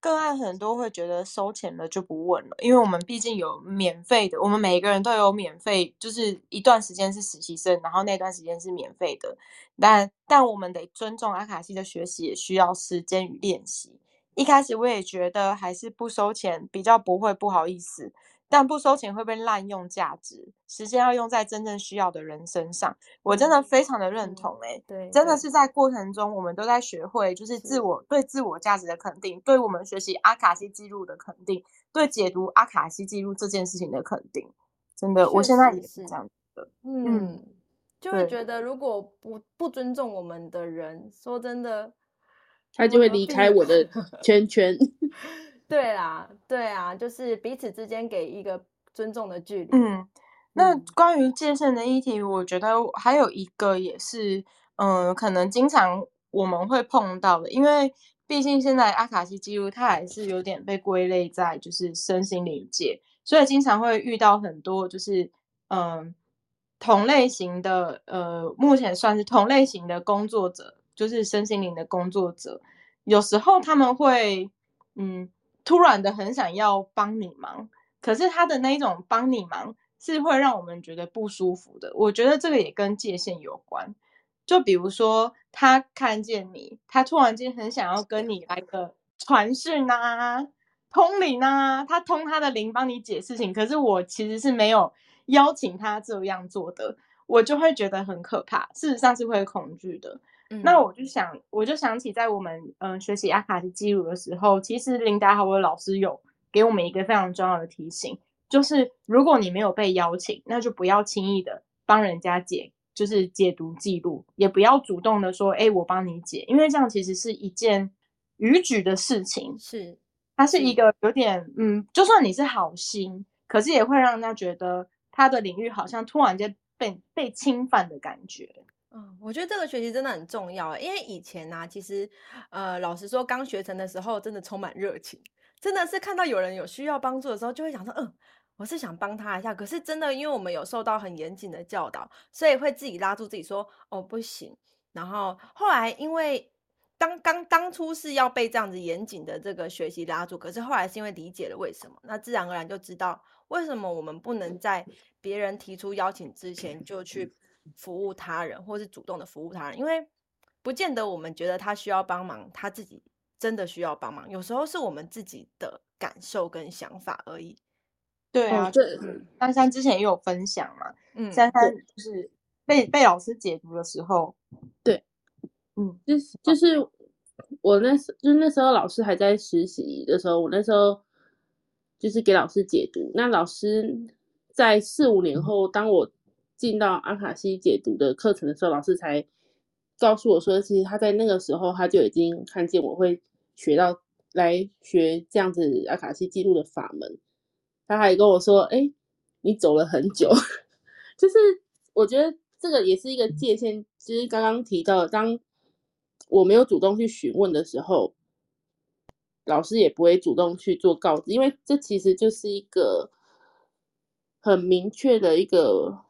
個案很多會覺得收錢了就不問了，因為我們畢竟有免費的，我們每一個人都有免費，就是一段時間是實習生，然後那段時間是免費的。但但我們得尊重阿卡西的學習，也需要時間與練習。一開始我也覺得還是不收錢比較不會不好意思，但不收錢會被濫用價值，時間要用在真正需要的人身上。我真的非常的認同、欸，誒、嗯、對，真的是在過程中我們都在學會，就是自我是對自我價值的肯定，對我們學習阿卡西記錄的肯定，對解讀阿卡西記錄這件事情的肯定。真的，是是是我現在也是這樣子的，嗯，就會覺得如果不不尊重我們的人，說真的。他就會離開我的圈圈。 [LAUGHS] 對啦、啊，對啊，就是彼此之間給一個尊重的距離。嗯，那關於界線的議題，我覺得還有一個也是，嗯、呃，可能經常我們會碰到的，因為畢竟現在阿卡西記錄它還是有點被歸類在就是身心靈界，所以經常會遇到很多就是，嗯、呃，同類型的，呃，目前算是同類型的工作者。就是身心靈的工作者，有時候他們會，嗯，突然的很想要幫你忙，可是他的那一種幫你忙是會讓我們覺得不舒服的。我覺得這個也跟界限有關。就比如說，他看見你，他突然間很想要跟你來個傳訊啊、通靈啊，他通他的靈幫你解事情，可是我其實是沒有邀請他這樣做的，我就會覺得很可怕。事實上是會恐懼的。那我就想，我就想起在我們嗯學習阿卡西記錄的時候，其實琳達豪兒老師有給我們一個非常重要的提醒，就是如果你沒有被邀請，那就不要輕易的幫人家解，就是解讀記錄，也不要主動的說，哎，我幫你解，因為這樣其實是一件逾矩的事情，是它是一個有點嗯，就算你是好心，可是也會讓人家覺得他的領域好像突然間被被侵犯的感覺。嗯，我覺得這個學習真的很重要，因為以前呢、啊，其實，呃，老實說，剛學成的時候，真的充滿熱情，真的是看到有人有需要幫助的時候，就會想說，嗯，我是想幫他一下。可是真的，因為我們有受到很嚴謹的教導，所以會自己拉住自己說，哦，不行。然後後來，因為當剛當初是要被這樣子嚴謹的這個學習拉住，可是後來是因為理解了為什麼，那自然而然就知道為什麼我們不能在別人提出邀請之前就去，服務他人，或是主動的服務他人，因為不見得我們覺得他需要幫忙，他自己真的需要幫忙，有時候是我們自己的感受跟想法而已。對啊，哦、對，就姍姍之前也有分享嘛，嗯，姍姍就是被對被老師解讀的時候，對，嗯，就是就是我那時就是那時候老師還在實習的時候，我那時候就是給老師解讀，那老師在四五年後，嗯、當我。進到阿卡西解讀的課程的時候，老師才告訴我說，其實他在那個時候他就已經看見我會學到來學這樣子阿卡西記錄的法門。他還跟我說：“哎、欸，你走了很久。 [LAUGHS] ”就是我覺得這個也是一個界限。其實剛剛提到的，當我沒有主動去詢問的時候，老師也不會主動去做告知，因為這其實就是一個很明確的一個。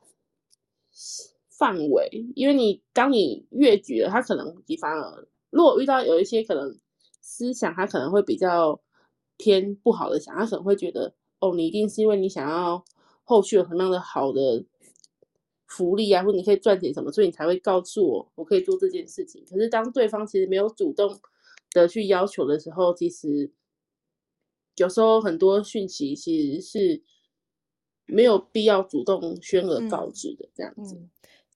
範圍，因為你當你越舉了，他可能反而，如果遇到有一些可能思想，他可能會比較偏不好的想，他可能會覺得哦，你一定是因為你想要後續有什麼樣的好的福利啊，或者你可以賺錢什麼，所以你才會告訴我我可以做這件事情。可是當對方其實沒有主動的去要求的時候，其實有時候很多訊息其實是。沒有必要主動宣而告之的這樣子。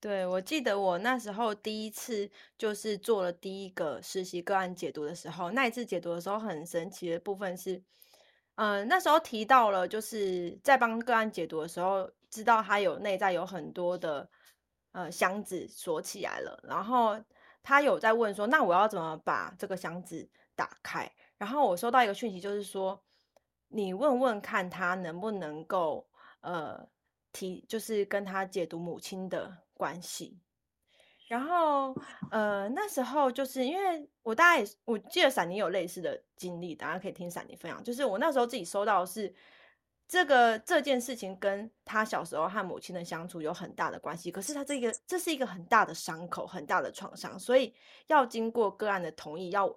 對，我記得我那時候第一次就是做了第一個實習個案解讀的時候，那一次解讀的時候很神奇的部分是，嗯、呃，那時候提到了就是在幫個案解讀的時候，知道他有內在有很多的呃箱子鎖起來了，然後他有在問說，那我要怎麼把這個箱子打開？然後我收到一個訊息，就是說你問問看他能不能夠。呃，提，就是跟他解讀母親的關係，然後呃，那時候就是因為我大概我記得閃妮有類似的經歷，大家可以聽閃妮分享。就是我那時候自己收到的是這個這件事情跟他小時候和母親的相處有很大的關係，可是他這個這是一個很大的傷口，很大的創傷，所以要經過個案的同意，要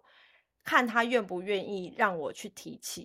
看他願不願意讓我去提起，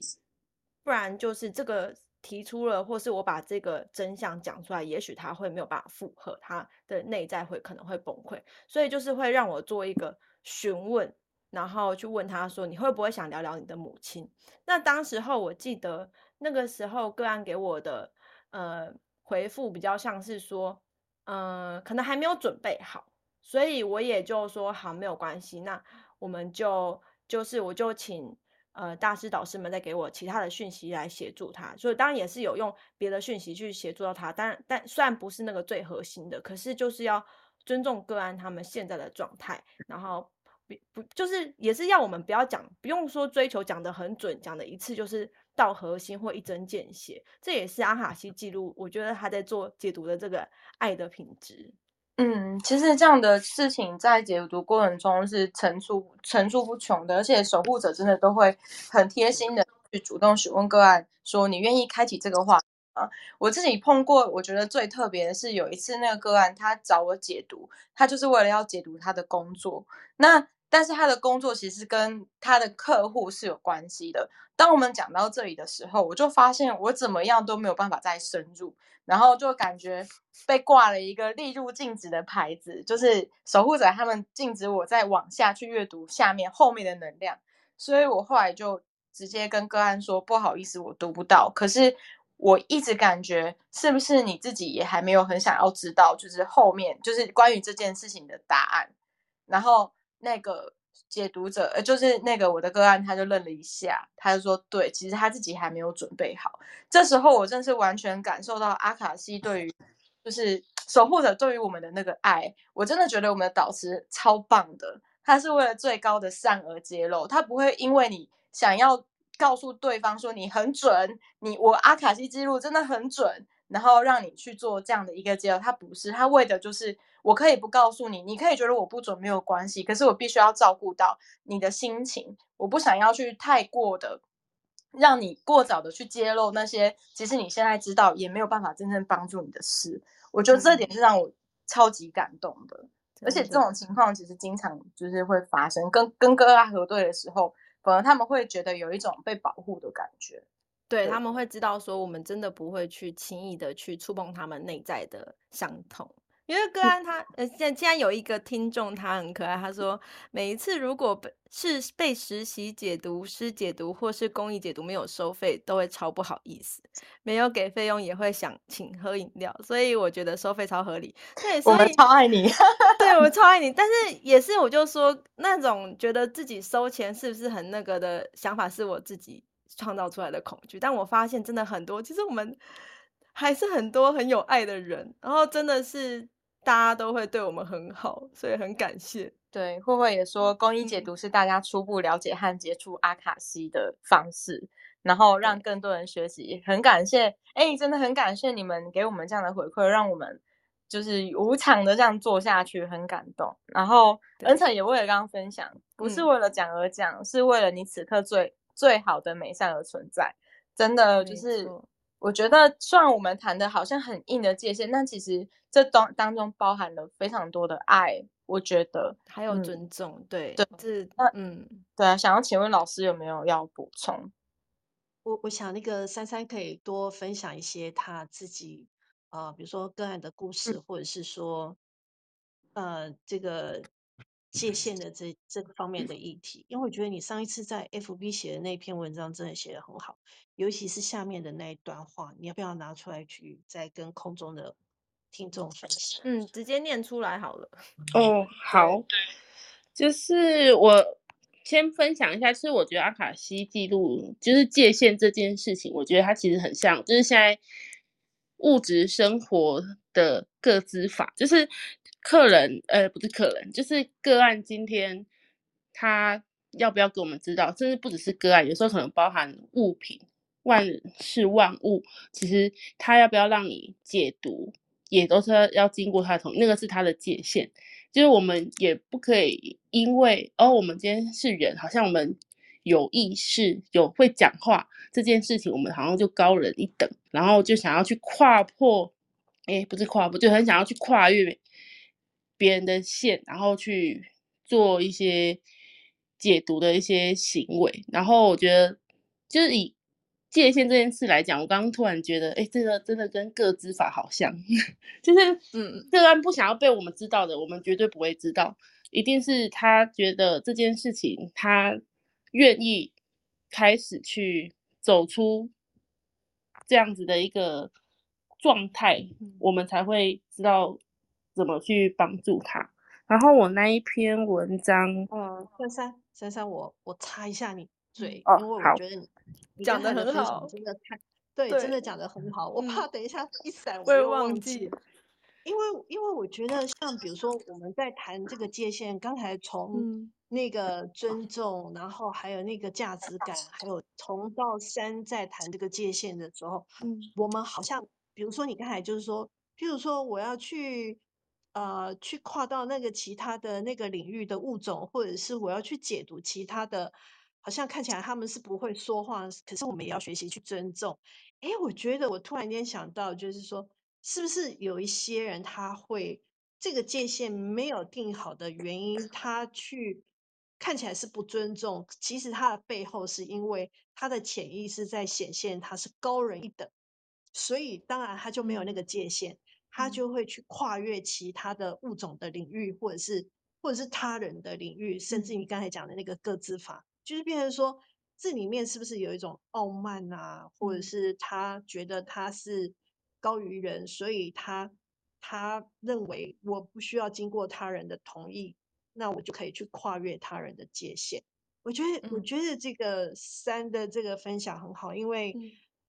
不然就是這個。提出了，或是我把這個真相講出來，也許他會沒有辦法負荷，他的內在會可能會崩潰，所以就是會讓我做一個詢問，然後去問他說，你會不會想聊聊你的母親？那當時候我記得那個時候個案給我的呃回復比較像是說，呃，可能還沒有準備好，所以我也就說好，沒有關係，那我們就就是我就請。呃，大師導師們在給我其他的訊息來協助他，所以當然也是有用別的訊息去協助到他，但但雖然不是那個最核心的，可是就是要尊重個案他們現在的狀態，然後不不就是也是要我們不要講，不用說追求講得很準，講的一次就是到核心或一針見血，這也是阿卡西記錄我覺得他在做解讀的這個愛的品質。嗯，其實這樣的事情在解讀過程中是層出層出不窮的，而且守護者真的都會很貼心的去主動詢問個案，說你願意開啟這個話啊。我自己碰過，我覺得最特別的是有一次那個個案他找我解讀，他就是為了要解讀他的工作。那但是他的工作其實跟他的客戶是有關係的。當我們講到這裡的時候，我就發現我怎麼樣都沒有辦法再深入，然後就感覺被掛了一個“立入禁止”的牌子，就是守護者他們禁止我再往下去閱讀下面後面的能量。所以我後來就直接跟個案說：“不好意思，我讀不到。”可是我一直感覺，是不是你自己也還沒有很想要知道，就是後面就是關於這件事情的答案，然後。那個解讀者，呃，就是那個我的個案，他就愣了一下，他就說：“對，其實他自己還沒有準備好。”這時候，我真是完全感受到阿卡西對於，就是守護者對於我們的那個愛。我真的覺得我們的導師超棒的，他是為了最高的善而揭露，他不會因為你想要告訴對方說你很準，你我阿卡西記錄真的很準。然後讓你去做這樣的一個揭露，他不是，他為的就是我可以不告訴你，你可以覺得我不準沒有關係，可是我必須要照顧到你的心情，我不想要去太過的讓你過早的去揭露那些其實你現在知道也沒有辦法真正幫助你的事。我覺得這點是讓我超級感動的，嗯、而且這種情況其實經常就是會發生。跟跟個案核對的時候，可能他們會覺得有一種被保護的感覺。對，他們會知道說，我們真的不會去輕易的去觸碰他們內在的傷痛。因為歌安他呃，既然有一個聽眾，他很可愛，他說每一次如果被是被實習解讀師解讀或是公益解讀沒有收費，都會超不好意思，沒有給費用也會想請喝飲料，所以我覺得收費超合理。對，所以我們超愛你， [LAUGHS] [LAUGHS] 對，我超愛你。但是也是，我就說那種覺得自己收錢是不是很那個的想法，是我自己。創造出來的恐懼，但我發現真的很多，其實我們還是很多很有愛的人，然後真的是大家都會對我們很好，所以很感謝。對，慧慧也說，公益解讀是大家初步了解和接觸阿卡西的方式，嗯、然後讓更多人學習。對很感謝，哎、欸，真的很感謝你們給我們這樣的回饋，讓我們就是無償的這樣做下去，對很感動。然後恩成對也為了剛剛分享，不是為了講而講，嗯、是為了你此刻最。最好的美善而存在，真的就是錯我覺得，雖然我們談的好像很硬的界限，但其實這當中包含了非常多的愛，我覺得還有尊重，嗯、對對是這那嗯對啊，想要請問老師有沒有要補充？我我想那個珊珊可以多分享一些她自己啊、呃，比如說個案的故事，嗯、或者是說呃這個。界限的這這個方面的議題，嗯、因為我覺得你上一次在 FB 寫的那篇文章真的寫得很好，尤其是下面的那一段話，你要不要拿出來去再跟空中的聽眾分享？嗯，直接念出來好了。嗯、哦，好。對，就是我先分享一下，就是，我覺得阿卡西記錄就是界限這件事情，我覺得它其實很像，就是現在物質生活的個資法，就是。客人，呃，不是客人，就是個案。今天他要不要給我們知道？甚至不只是個案，有時候可能包含物品，萬事萬物。其實他要不要讓你解讀，也都是要，要經過他的同意，那個是他的界限。就是我們也不可以，因為哦，我們今天是人，好像我們有意識、有會講話這件事情，我們好像就高人一等，然後就想要去跨破，誒、欸，不是跨步，就很想要去跨越別人的線，然後去做一些解讀的一些行為，然後我覺得就是以界限這件事來講，我剛剛突然覺得，哎，這個真的跟個資法好像， [LAUGHS] 就是嗯，這段不想要被我們知道的，我們絕對不會知道，一定是他覺得這件事情，他願意開始去走出這樣子的一個狀態，我們才會知道。怎麼去幫助他？然後我那一篇文章，嗯，姍姍，姍姍，我我擦一下你嘴，因為我覺得你講的很好，真的太對，真的講的很好。我怕等一下一閃，我會忘記。因為因為我覺得，像比如說我們在談這個界限，剛才從那個尊重，嗯、然後還有那個價值感，還有從到三在談這個界限的時候，嗯、我們好像比如說你剛才就是說，譬如說我要去。呃，去跨到那個其他的那個領域的物種，或者是我要去解讀其他的，好像看起來他們是不會說話，可是我們也要學習去尊重。哎，我覺得我突然間想到，就是說，是不是有一些人他會，這個界限沒有定好的原因，他去看起來是不尊重，其實他的背後是因為他的潛意識在顯現他是高人一等，所以當然他就沒有那個界限。他就會去跨越其他的物種的領域，或者是或者是他人的領域，甚至你剛才講的那個個資法，就是變成說這裡面是不是有一種傲慢啊，或者是他覺得他是高於人，所以他他認為我不需要經過他人的同意，那我就可以去跨越他人的界限。我覺得我覺得這個姍的這個分享很好，因為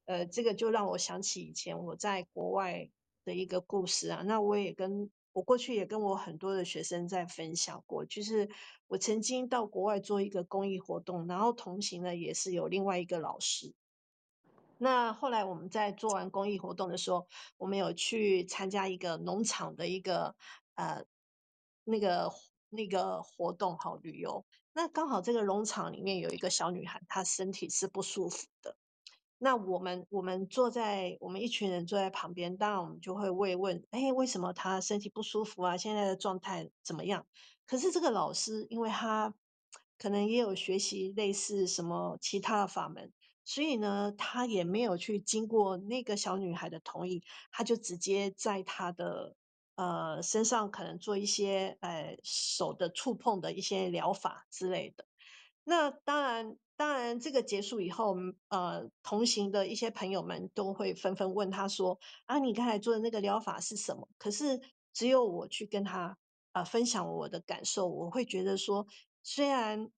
呃，這個就讓我想起以前我在國外。的一個故事啊，那我也跟我過去也跟我很多的學生在分享過，就是我曾經到國外做一個公益活動，然後同行呢也是有另外一個老師。那後來我們在做完公益活動的時候，我們有去參加一個農場的一個呃那個那個活動，好旅遊。那剛好這個農場裡面有一個小女孩，她身體是不舒服的。那我們我們坐在我們一群人坐在旁邊，當然我們就會慰問，哎，為什麼她身體不舒服啊？現在的狀態怎麼樣？可是這個老師，因為他可能也有學習類似什麼其他的法門，所以呢，他也沒有去經過那個小女孩的同意，他就直接在她的呃身上可能做一些呃手的觸碰的一些療法之類的。那當然，當然，這個結束以後，呃，同行的一些朋友們都會紛紛問他說：“啊，你剛才做的那個療法是什麼？”可是，只有我去跟他，呃，分享我的感受，我會覺得說，雖然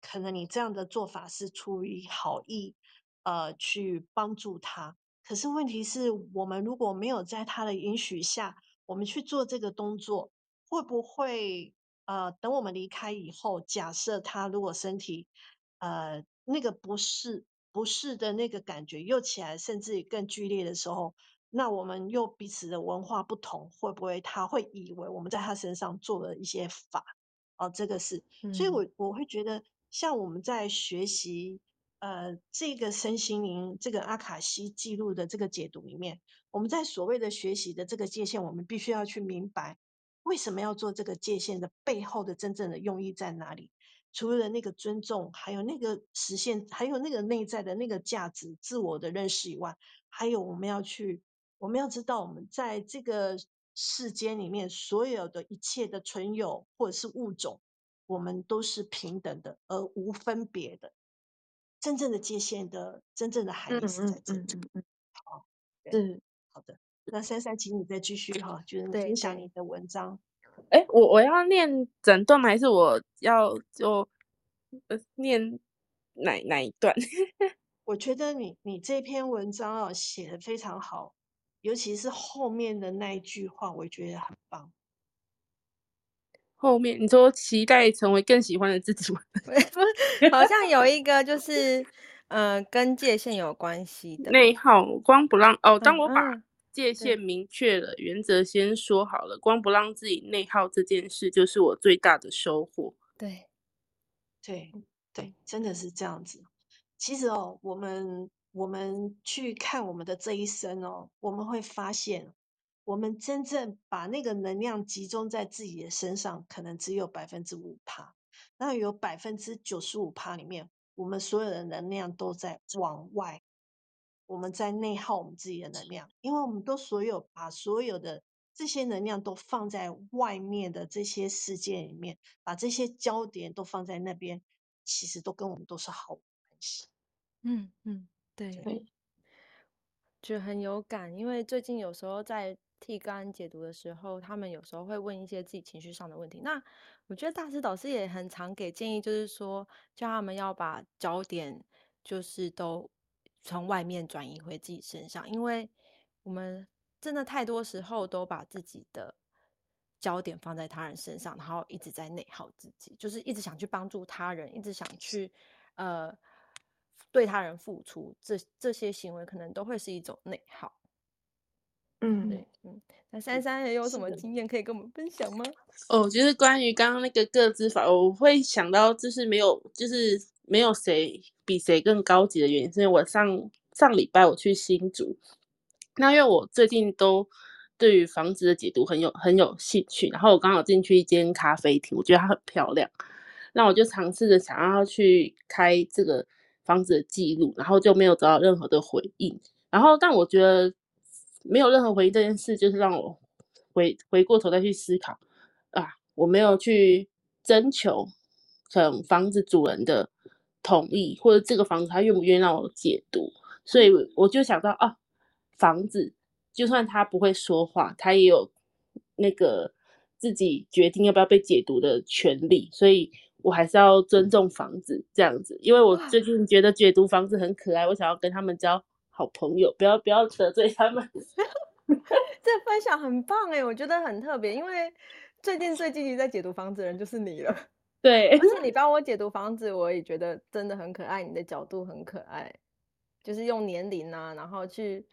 可能你這樣的做法是出於好意，呃，去幫助他，可是問題是我們如果沒有在他的允許下，我們去做這個動作，會不會？呃，等我們離開以後，假設他如果身體，呃，那個不適不適的那個感覺又起來，甚至更劇烈的時候，那我們又彼此的文化不同，會不會他會以為我們在他身上做了一些法？哦、呃，這個是，嗯、所以我我會覺得，像我們在學習，呃，這個身心靈這個阿卡西記錄的這個解讀裡面，我們在所謂的學習的這個界限，我們必須要去明白。為什麼要做這個界限的背後的真正的用意在哪裡？除了那個尊重，還有那個實現，還有那個內在的那個價值、自我的認識以外，還有我們要去，我們要知道，我們在這個世間裡面所有的一切的存有或者是物種，我們都是平等的，而無分別的。真正的界限的真正的含義是在這裡。嗯嗯，嗯嗯。好。嗯。是好的。那姍姍，請你再繼續哈、哦，就是分享你的文章。哎對、 [LAUGHS] 欸，我我要念整段還是我要就念哪哪一段？ [LAUGHS] 我覺得你你這篇文章哦寫得非常好，尤其是後面的那一句話，我覺得很棒。後面你說期待成為更喜歡的自己嗎？ [LAUGHS] [LAUGHS] 好像有一個就是嗯、呃，跟界限有關係的內耗，光不讓哦，當我把、嗯。嗯界限明確了，對原則先說好了，光不讓自己內耗這件事，就是我最大的收穫。對，對，對，真的是這樣子。其實哦，我們我們去看我們的這一生哦，我們會發現，我們真正把那個能量集中在自己的身上，可能只有百分之五趴。那有百分之九十五趴裡面，我們所有的能量都在往外。我們在內耗我們自己的能量，因為我們都所有把所有的這些能量都放在外面的這些世界裡面，把這些焦點都放在那邊，其實都跟我們都是毫無關係。嗯嗯，對，對。覺得很有感，因為最近有時候在替個案解讀的時候，他們有時候會問一些自己情緒上的問題。那我覺得大師導師也很常給建議，就是說叫他們要把焦點就是都。從外面轉移回自己身上，因為我們真的太多時候都把自己的焦點放在他人身上，然後一直在內耗自己，就是一直想去幫助他人，一直想去呃對他人付出，這這些行為可能都會是一種內耗。嗯，對，嗯，那姍姍也有什麼經驗可以跟我們分享嗎？哦，就是關於剛剛那個個資法，我會想到就是沒有就是。沒有誰比誰更高級的原因，是因為我上上禮拜我去新竹，那因為我最近都對於房子的解讀很有很有興趣，然後我剛好進去一間咖啡廳，我覺得它很漂亮，那我就嘗試着想要去開這個房子的記錄，然後就沒有得到任何的回應，然後但我覺得沒有任何回應這件事，就是讓我回回過頭再去思考啊，我沒有去徵求等房子主人的。同意或者這個房子他願不願意讓我解讀，所以我就想到啊，房子就算他不會說話，他也有那個自己決定要不要被解讀的權利，所以我還是要尊重房子這樣子。因為我最近覺得解讀房子很可愛，哇我想要跟他們交好朋友，不要不要得罪他們。 [LAUGHS] [LAUGHS] 這分享很棒哎、欸，我覺得很特別，因為最近最積極在解讀房子的人就是你了。對，而且你幫我解讀房子，我也覺得真的很可愛。你的角度很可愛，就是用年齡啊，然後去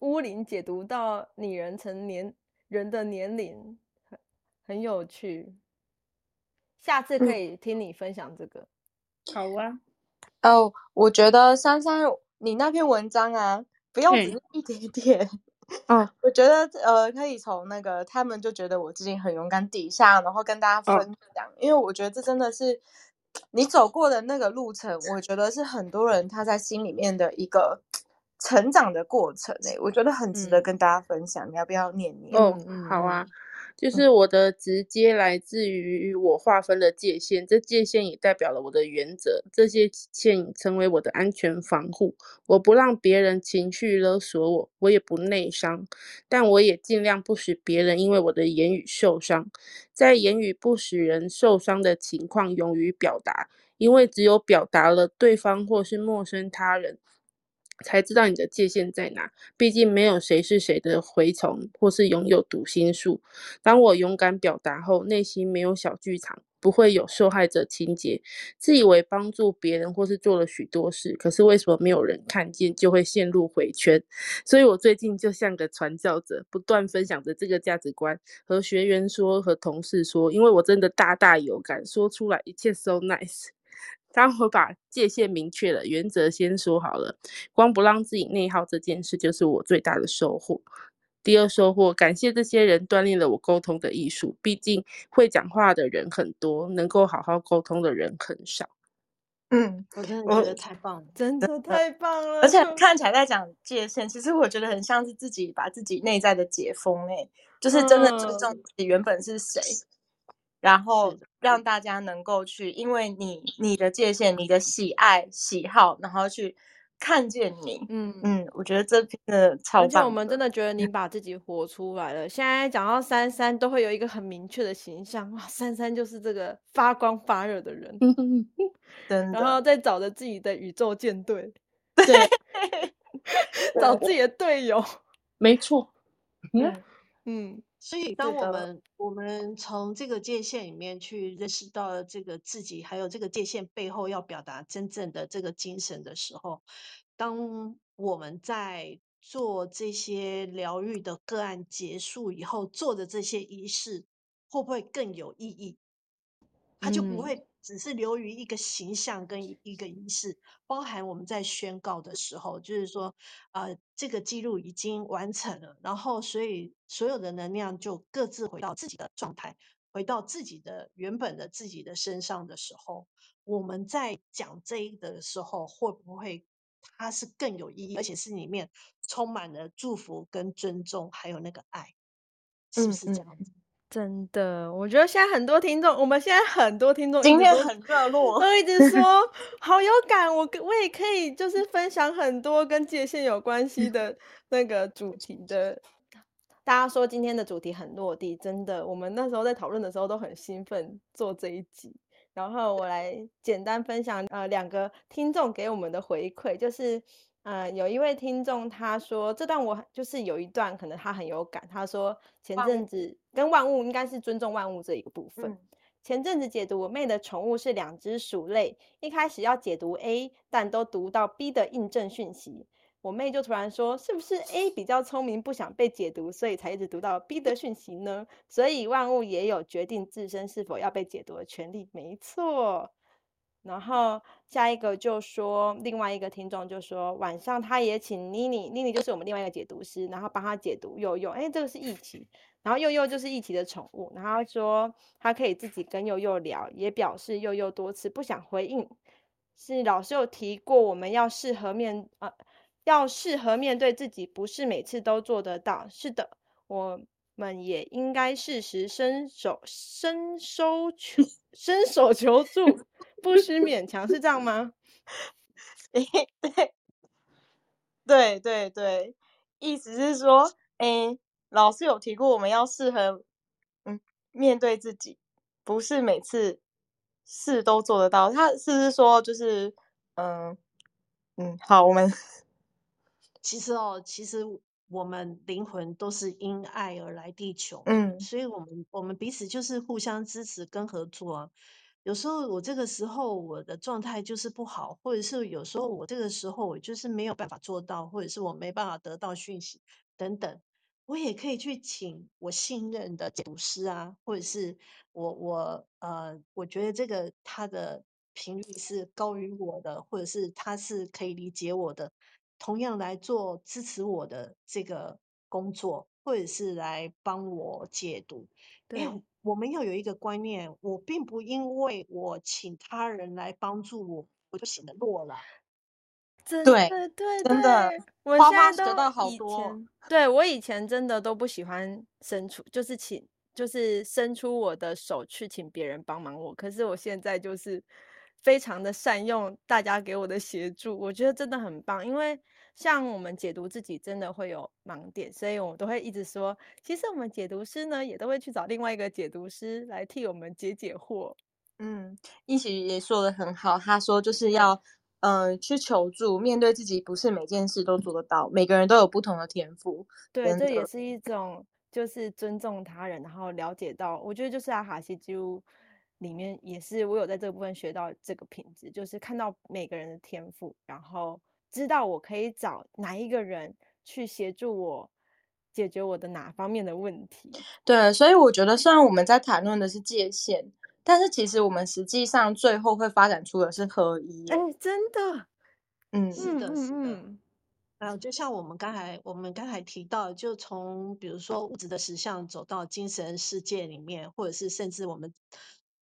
屋齡解讀到擬人成年人的年齡很，很有趣。下次可以聽你分享這個。好啊。哦，oh, 我覺得姍姍你那篇文章啊，不要只一點點。嗯嗯，哦、我覺得呃，可以從那個他們就覺得我自己很勇敢底下，然後跟大家分享，哦、因為我覺得這真的是你走過的那個路程，我覺得是很多人他在心裡面的一個成長的過程，誒、欸，我覺得很值得跟大家分享，嗯，你要不要念念？哦，嗯，好啊。就是我的直接來自於我劃分的界限，這界限也代表了我的原則，這些線成為我的安全防護。我不讓別人情緒勒索我，我也不內傷，但我也盡量不使別人因為我的言語受傷。在言語不使人受傷的情況，勇於表達，因為只有表達了，對方或是陌生他人。才知道你的界限在哪。畢竟沒有誰是誰的蛔蟲，或是擁有讀心術。當我勇敢表達後，內心沒有小劇場，不會有受害者情節。自以為幫助別人或是做了許多事，可是為什麼沒有人看見，就會陷入回圈？所以我最近就像個傳教者，不斷分享着這個價值觀，和學員說，和同事說，因為我真的大大有感，說出來一切 so nice。當我把界限明確了，原則先說好了，光不讓自己內耗這件事就是我最大的收穫。第二收穫，感謝這些人鍛鍊了我溝通的藝術。畢竟會講話的人很多，能夠好好溝通的人很少。嗯，我真的覺得太棒了，真的太棒了。而且看起來在講界限，其實我覺得很像是自己把自己內在的解封嘞、欸，就是真的注重自己原本是誰。然後讓大家能夠去，因為你你的界限、你的喜愛、喜好，然後去看見你。嗯嗯，我覺得這篇的超棒的，而且我們真的覺得你把自己活出來了。嗯、現在講到珊珊，都會有一個很明確的形象。哇、啊，珊珊就是這個發光發熱的人，嗯嗯嗯，然後在找着自己的宇宙艦隊，對，對 [LAUGHS] 找自己的隊友，沒錯，嗯嗯。所以，當我們的我們從這個界線裡面去認識到這個自己，還有這個界線背後要表達真正的這個精神的時候，當我們在做這些療癒的個案結束以後做的這些儀式，會不會更有意義？他就不會。只是流於一個形象，跟一個儀式。包含我們在宣告的時候，就是說，呃，這個記錄已經完成了，然後所以所有的能量就各自回到自己的狀態，回到自己的原本的自己的身上的時候，我們在講這一個的時候，會不會它是更有意義，而且是裡面充滿了祝福跟尊重，還有那個愛，是不是這樣子？嗯嗯真的，我覺得現在很多聽眾，我們現在很多聽眾今天很熱絡，都一直說好有感， [LAUGHS] 我我也可以就是分享很多跟界限有關係的那個主題的。 [LAUGHS] 大家說今天的主題很落地，真的，我們那時候在討論的時候都很興奮做這一集。然後我來簡單分享，呃，兩個聽眾給我們的回饋，就是。呃，有一位聽眾他說，這段我就是有一段可能他很有感。他說，前陣子跟萬物應該是尊重萬物這一個部分。嗯。前陣子解讀我妹的寵物是兩只鼠類，一開始要解讀 A，但都讀到 B 的印證訊息。我妹就突然說，是不是 A 比較聰明，不想被解讀，所以才一直讀到 B 的訊息呢？所以萬物也有決定自身是否要被解讀的權利，沒錯。然後下一個就說，另外一個聽眾就說，晚上他也請妮妮，妮妮就是我們另外一個解讀師，然後幫他解讀佑佑。哎、欸，這個是一起，然後佑佑就是一起的寵物，然後說他可以自己跟佑佑聊，也表示佑佑多次不想回應。是老師有提過，我們要適合面啊，呃，要適合面對自己，不是每次都做得到。是的，我們也應該適時伸手，伸手求，伸手求助。 [LAUGHS] 不需勉強，是這樣嗎？ [LAUGHS] 欸、對對對，對，意思是說、欸，老師有提過我們要適合，嗯，面對自己，不是每次事都做得到。他是不是說就是，嗯、呃、嗯，好，我們其實哦，其實我們靈魂都是因愛而來地球，嗯，所以我們我們彼此就是互相支持跟合作、啊。有時候我這個時候我的狀態就是不好，或者是有時候我這個時候我就是沒有辦法做到，或者是我沒辦法得到訊息等等，我也可以去請我信任的解讀師啊，或者是我我呃，我覺得這個他的頻率是高於我的，或者是他是可以理解我的，同樣來做支持我的這個工作，或者是來幫我解讀。對。哎我們要有，有一個觀念，我並不因為我請他人來幫助我，我就顯得弱了。真的對對，真的，我現在得到好多。對，我以前真的都不喜歡伸出，就是請，就是伸出我的手去請別人幫忙我。可是我現在就是非常的善用大家給我的協助，我覺得真的很棒，因為。像我們解讀自己，真的會有盲點，所以我都會一直說，其實我們解讀師呢，也都會去找另外一個解讀師來替我們解解惑。嗯，一起也說得很好，他說就是要，嗯、呃，去求助，面對自己不是每件事都做得到，每個人都有不同的天賦。對，這也是一種，就是尊重他人，然後了解到，我覺得就是阿卡西紀錄裡面也是我有在這部分學到這個品質，就是看到每個人的天賦，然後。知道我可以找哪一個人去協助我解決我的哪方面的問題。對，所以我覺得，雖然我們在談論的是界限，但是其實我們實際上最後會發展出的是合一。哎，真的，嗯，是的，是的。嗯。啊，就像我們剛才，我們剛才提到，就從比如說物質的實相走到精神世界裡面，或者是甚至我們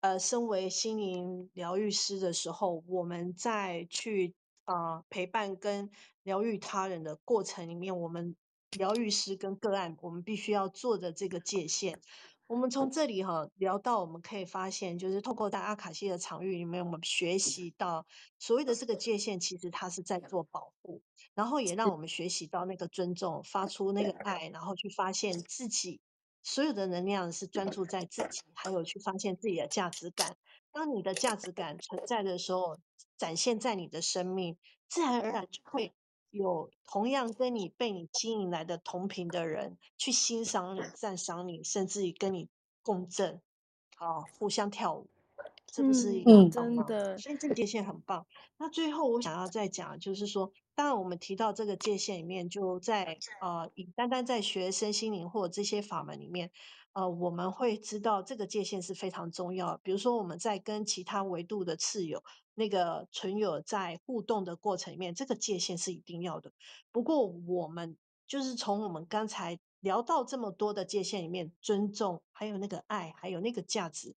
呃，身為心靈療癒師的時候，我們再去。啊、呃，陪伴跟療癒他人的過程裡面，我們療癒師跟個案，我們必須要做的這個界限。我們從這裡哈聊到，我們可以發現，就是透過在阿卡西的場域裡面，我們學習到所謂的這個界限，其實它是在做保護，然後也讓我們學習到那個尊重，發出那個愛，然後去發現自己所有的能量是專注在自己，還有去發現自己的價值感。當你的價值感存在的時候，展現在你的生命，自然而然就會有同樣跟你被你經營來的同頻的人去欣賞你、讚賞你，甚至於跟你共振，啊，互相跳舞，是不是一個很？嗯，真的，所以這界線很棒。那最後我想要再講，就是說，當然我們提到這個界線裡面，就在啊，以、呃、單單在學身心靈或這些法門裡面。呃，我們會知道這個界限，是非常重要。比如說，我們在跟其他維度的次友、那個存有在互動的過程裡面，這個界限是一定要的。不過，我們就是從我們剛才聊到這麼多的界限裡面，尊重，還有那個愛，還有那個價值，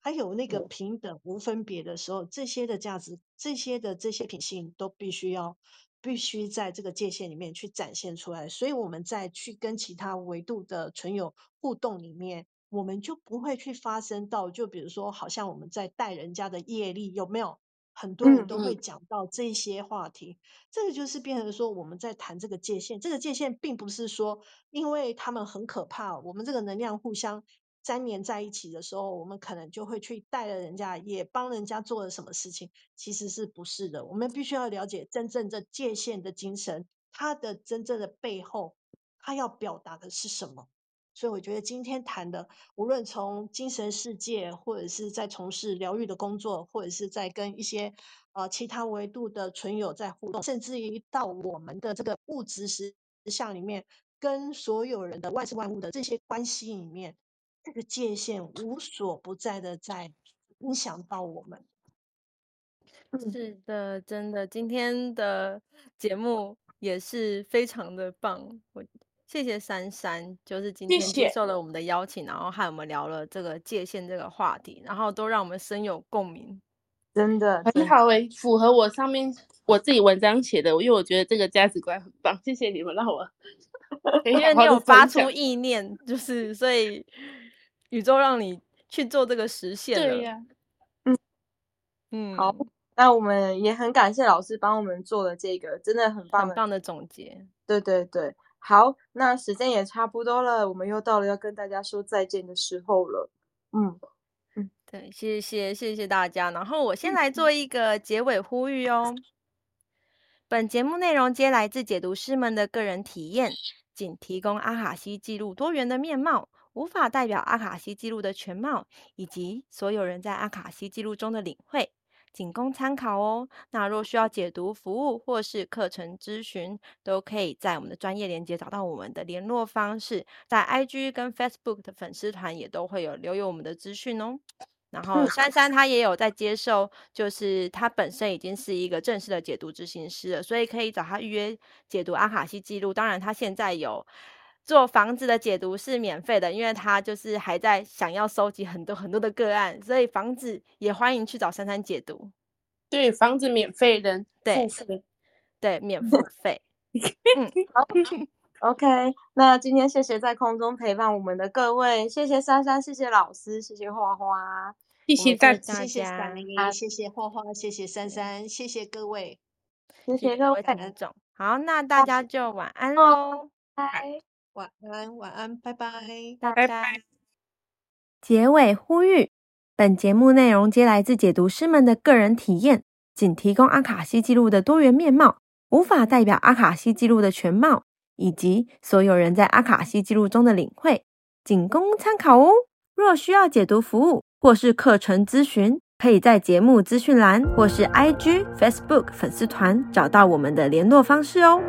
還有那個平等無分別的時候，這些的價值，這些的這些品性都必須要，必須在這個界線裡面去展現出來，所以我們再去跟其他維度的存有互動裡面，我們就不會去發生到，就比如說，好像我們在帶人家的業力有沒有？很多人都會講到這些話題，嗯嗯。這個就是變成說我們在談這個界線。這個界線並不是說因為他們很可怕，我們這個能量互相。三年在一起的時候，我們可能就會去帶了人家，也幫人家做了什麼事情，其實是不是的？我們必須要了解真正這界限的精神，它的真正的背後，它要表達的是什麼？所以我覺得今天談的，無論從精神世界，或者是在從事療癒的工作，或者是在跟一些呃其他維度的存有在互動，甚至於到我們的這個物質實相裡面，跟所有人的萬事萬物的這些關係裡面。這個界限，無所不在的在影響到我們。是的，真的，今天的節目也是非常的棒。我謝謝珊珊，就是今天接受了我們的邀請，謝謝，然後和我們聊了這個界限這個話題，然後都讓我們深有共鳴。真的，真的很好哎、欸，符合我上面我自己文章寫的，因為我覺得這個價值觀很棒。謝謝你們讓我，因為你有發出意念， [LAUGHS] 就是所以。宇宙讓你去做這個實現了，對呀、啊，嗯嗯，好，那我們也很感謝老師幫我們做了這個，真的很棒很棒的總結，對對對，好，那時間也差不多了，我們又到了要跟大家說再見的時候了，嗯嗯，對，謝謝謝謝大家，然後我先來做一個結尾呼籲哦， [LAUGHS] 本節目內容皆來自解讀師們的個人體驗。僅提供阿卡西記錄多元的面貌，無法代表阿卡西記錄的全貌，以及所有人在阿卡西記錄中的領會，僅供參考哦。那若需要解讀服務或是課程諮詢，都可以在我們的專業連結找到我們的聯絡方式，在 IG 跟 Facebook 的粉絲團也都會有留有我們的資訊哦。然後珊珊，她也有在接受，就是她本身已經是一個正式的解讀執行師了，所以可以找她預約解讀阿卡西記錄。當然，她現在有做房子的解讀是免費的，因為她就是還在想要收集很多很多的個案，所以房子也歡迎去找珊珊解讀。對，房子免費的，對是，服服的，對，免費費。 [LAUGHS] 嗯，好。 [LAUGHS] OK，那今天謝謝在空中陪伴我們的各位，謝謝珊珊，謝謝老師，謝謝花花，謝謝，謝謝大家，謝謝三零一，謝謝花花，謝謝珊珊，謝謝各位，謝謝各位看得懂。謝謝恩好，那大家就晚安嘍，哦，拜，哦，晚安，晚安，拜拜，拜拜家。家結尾呼籲：本節目內容皆來自解讀師們的個人體驗，僅提供阿卡西記錄的多元面貌，無法代表阿卡西記錄的全貌。以及所有人在阿卡西記錄中的領會，僅供參考哦。若需要解讀服務或是課程諮詢，可以在節目資訊欄或是 IG、Facebook 粉絲團找到我們的聯絡方式哦。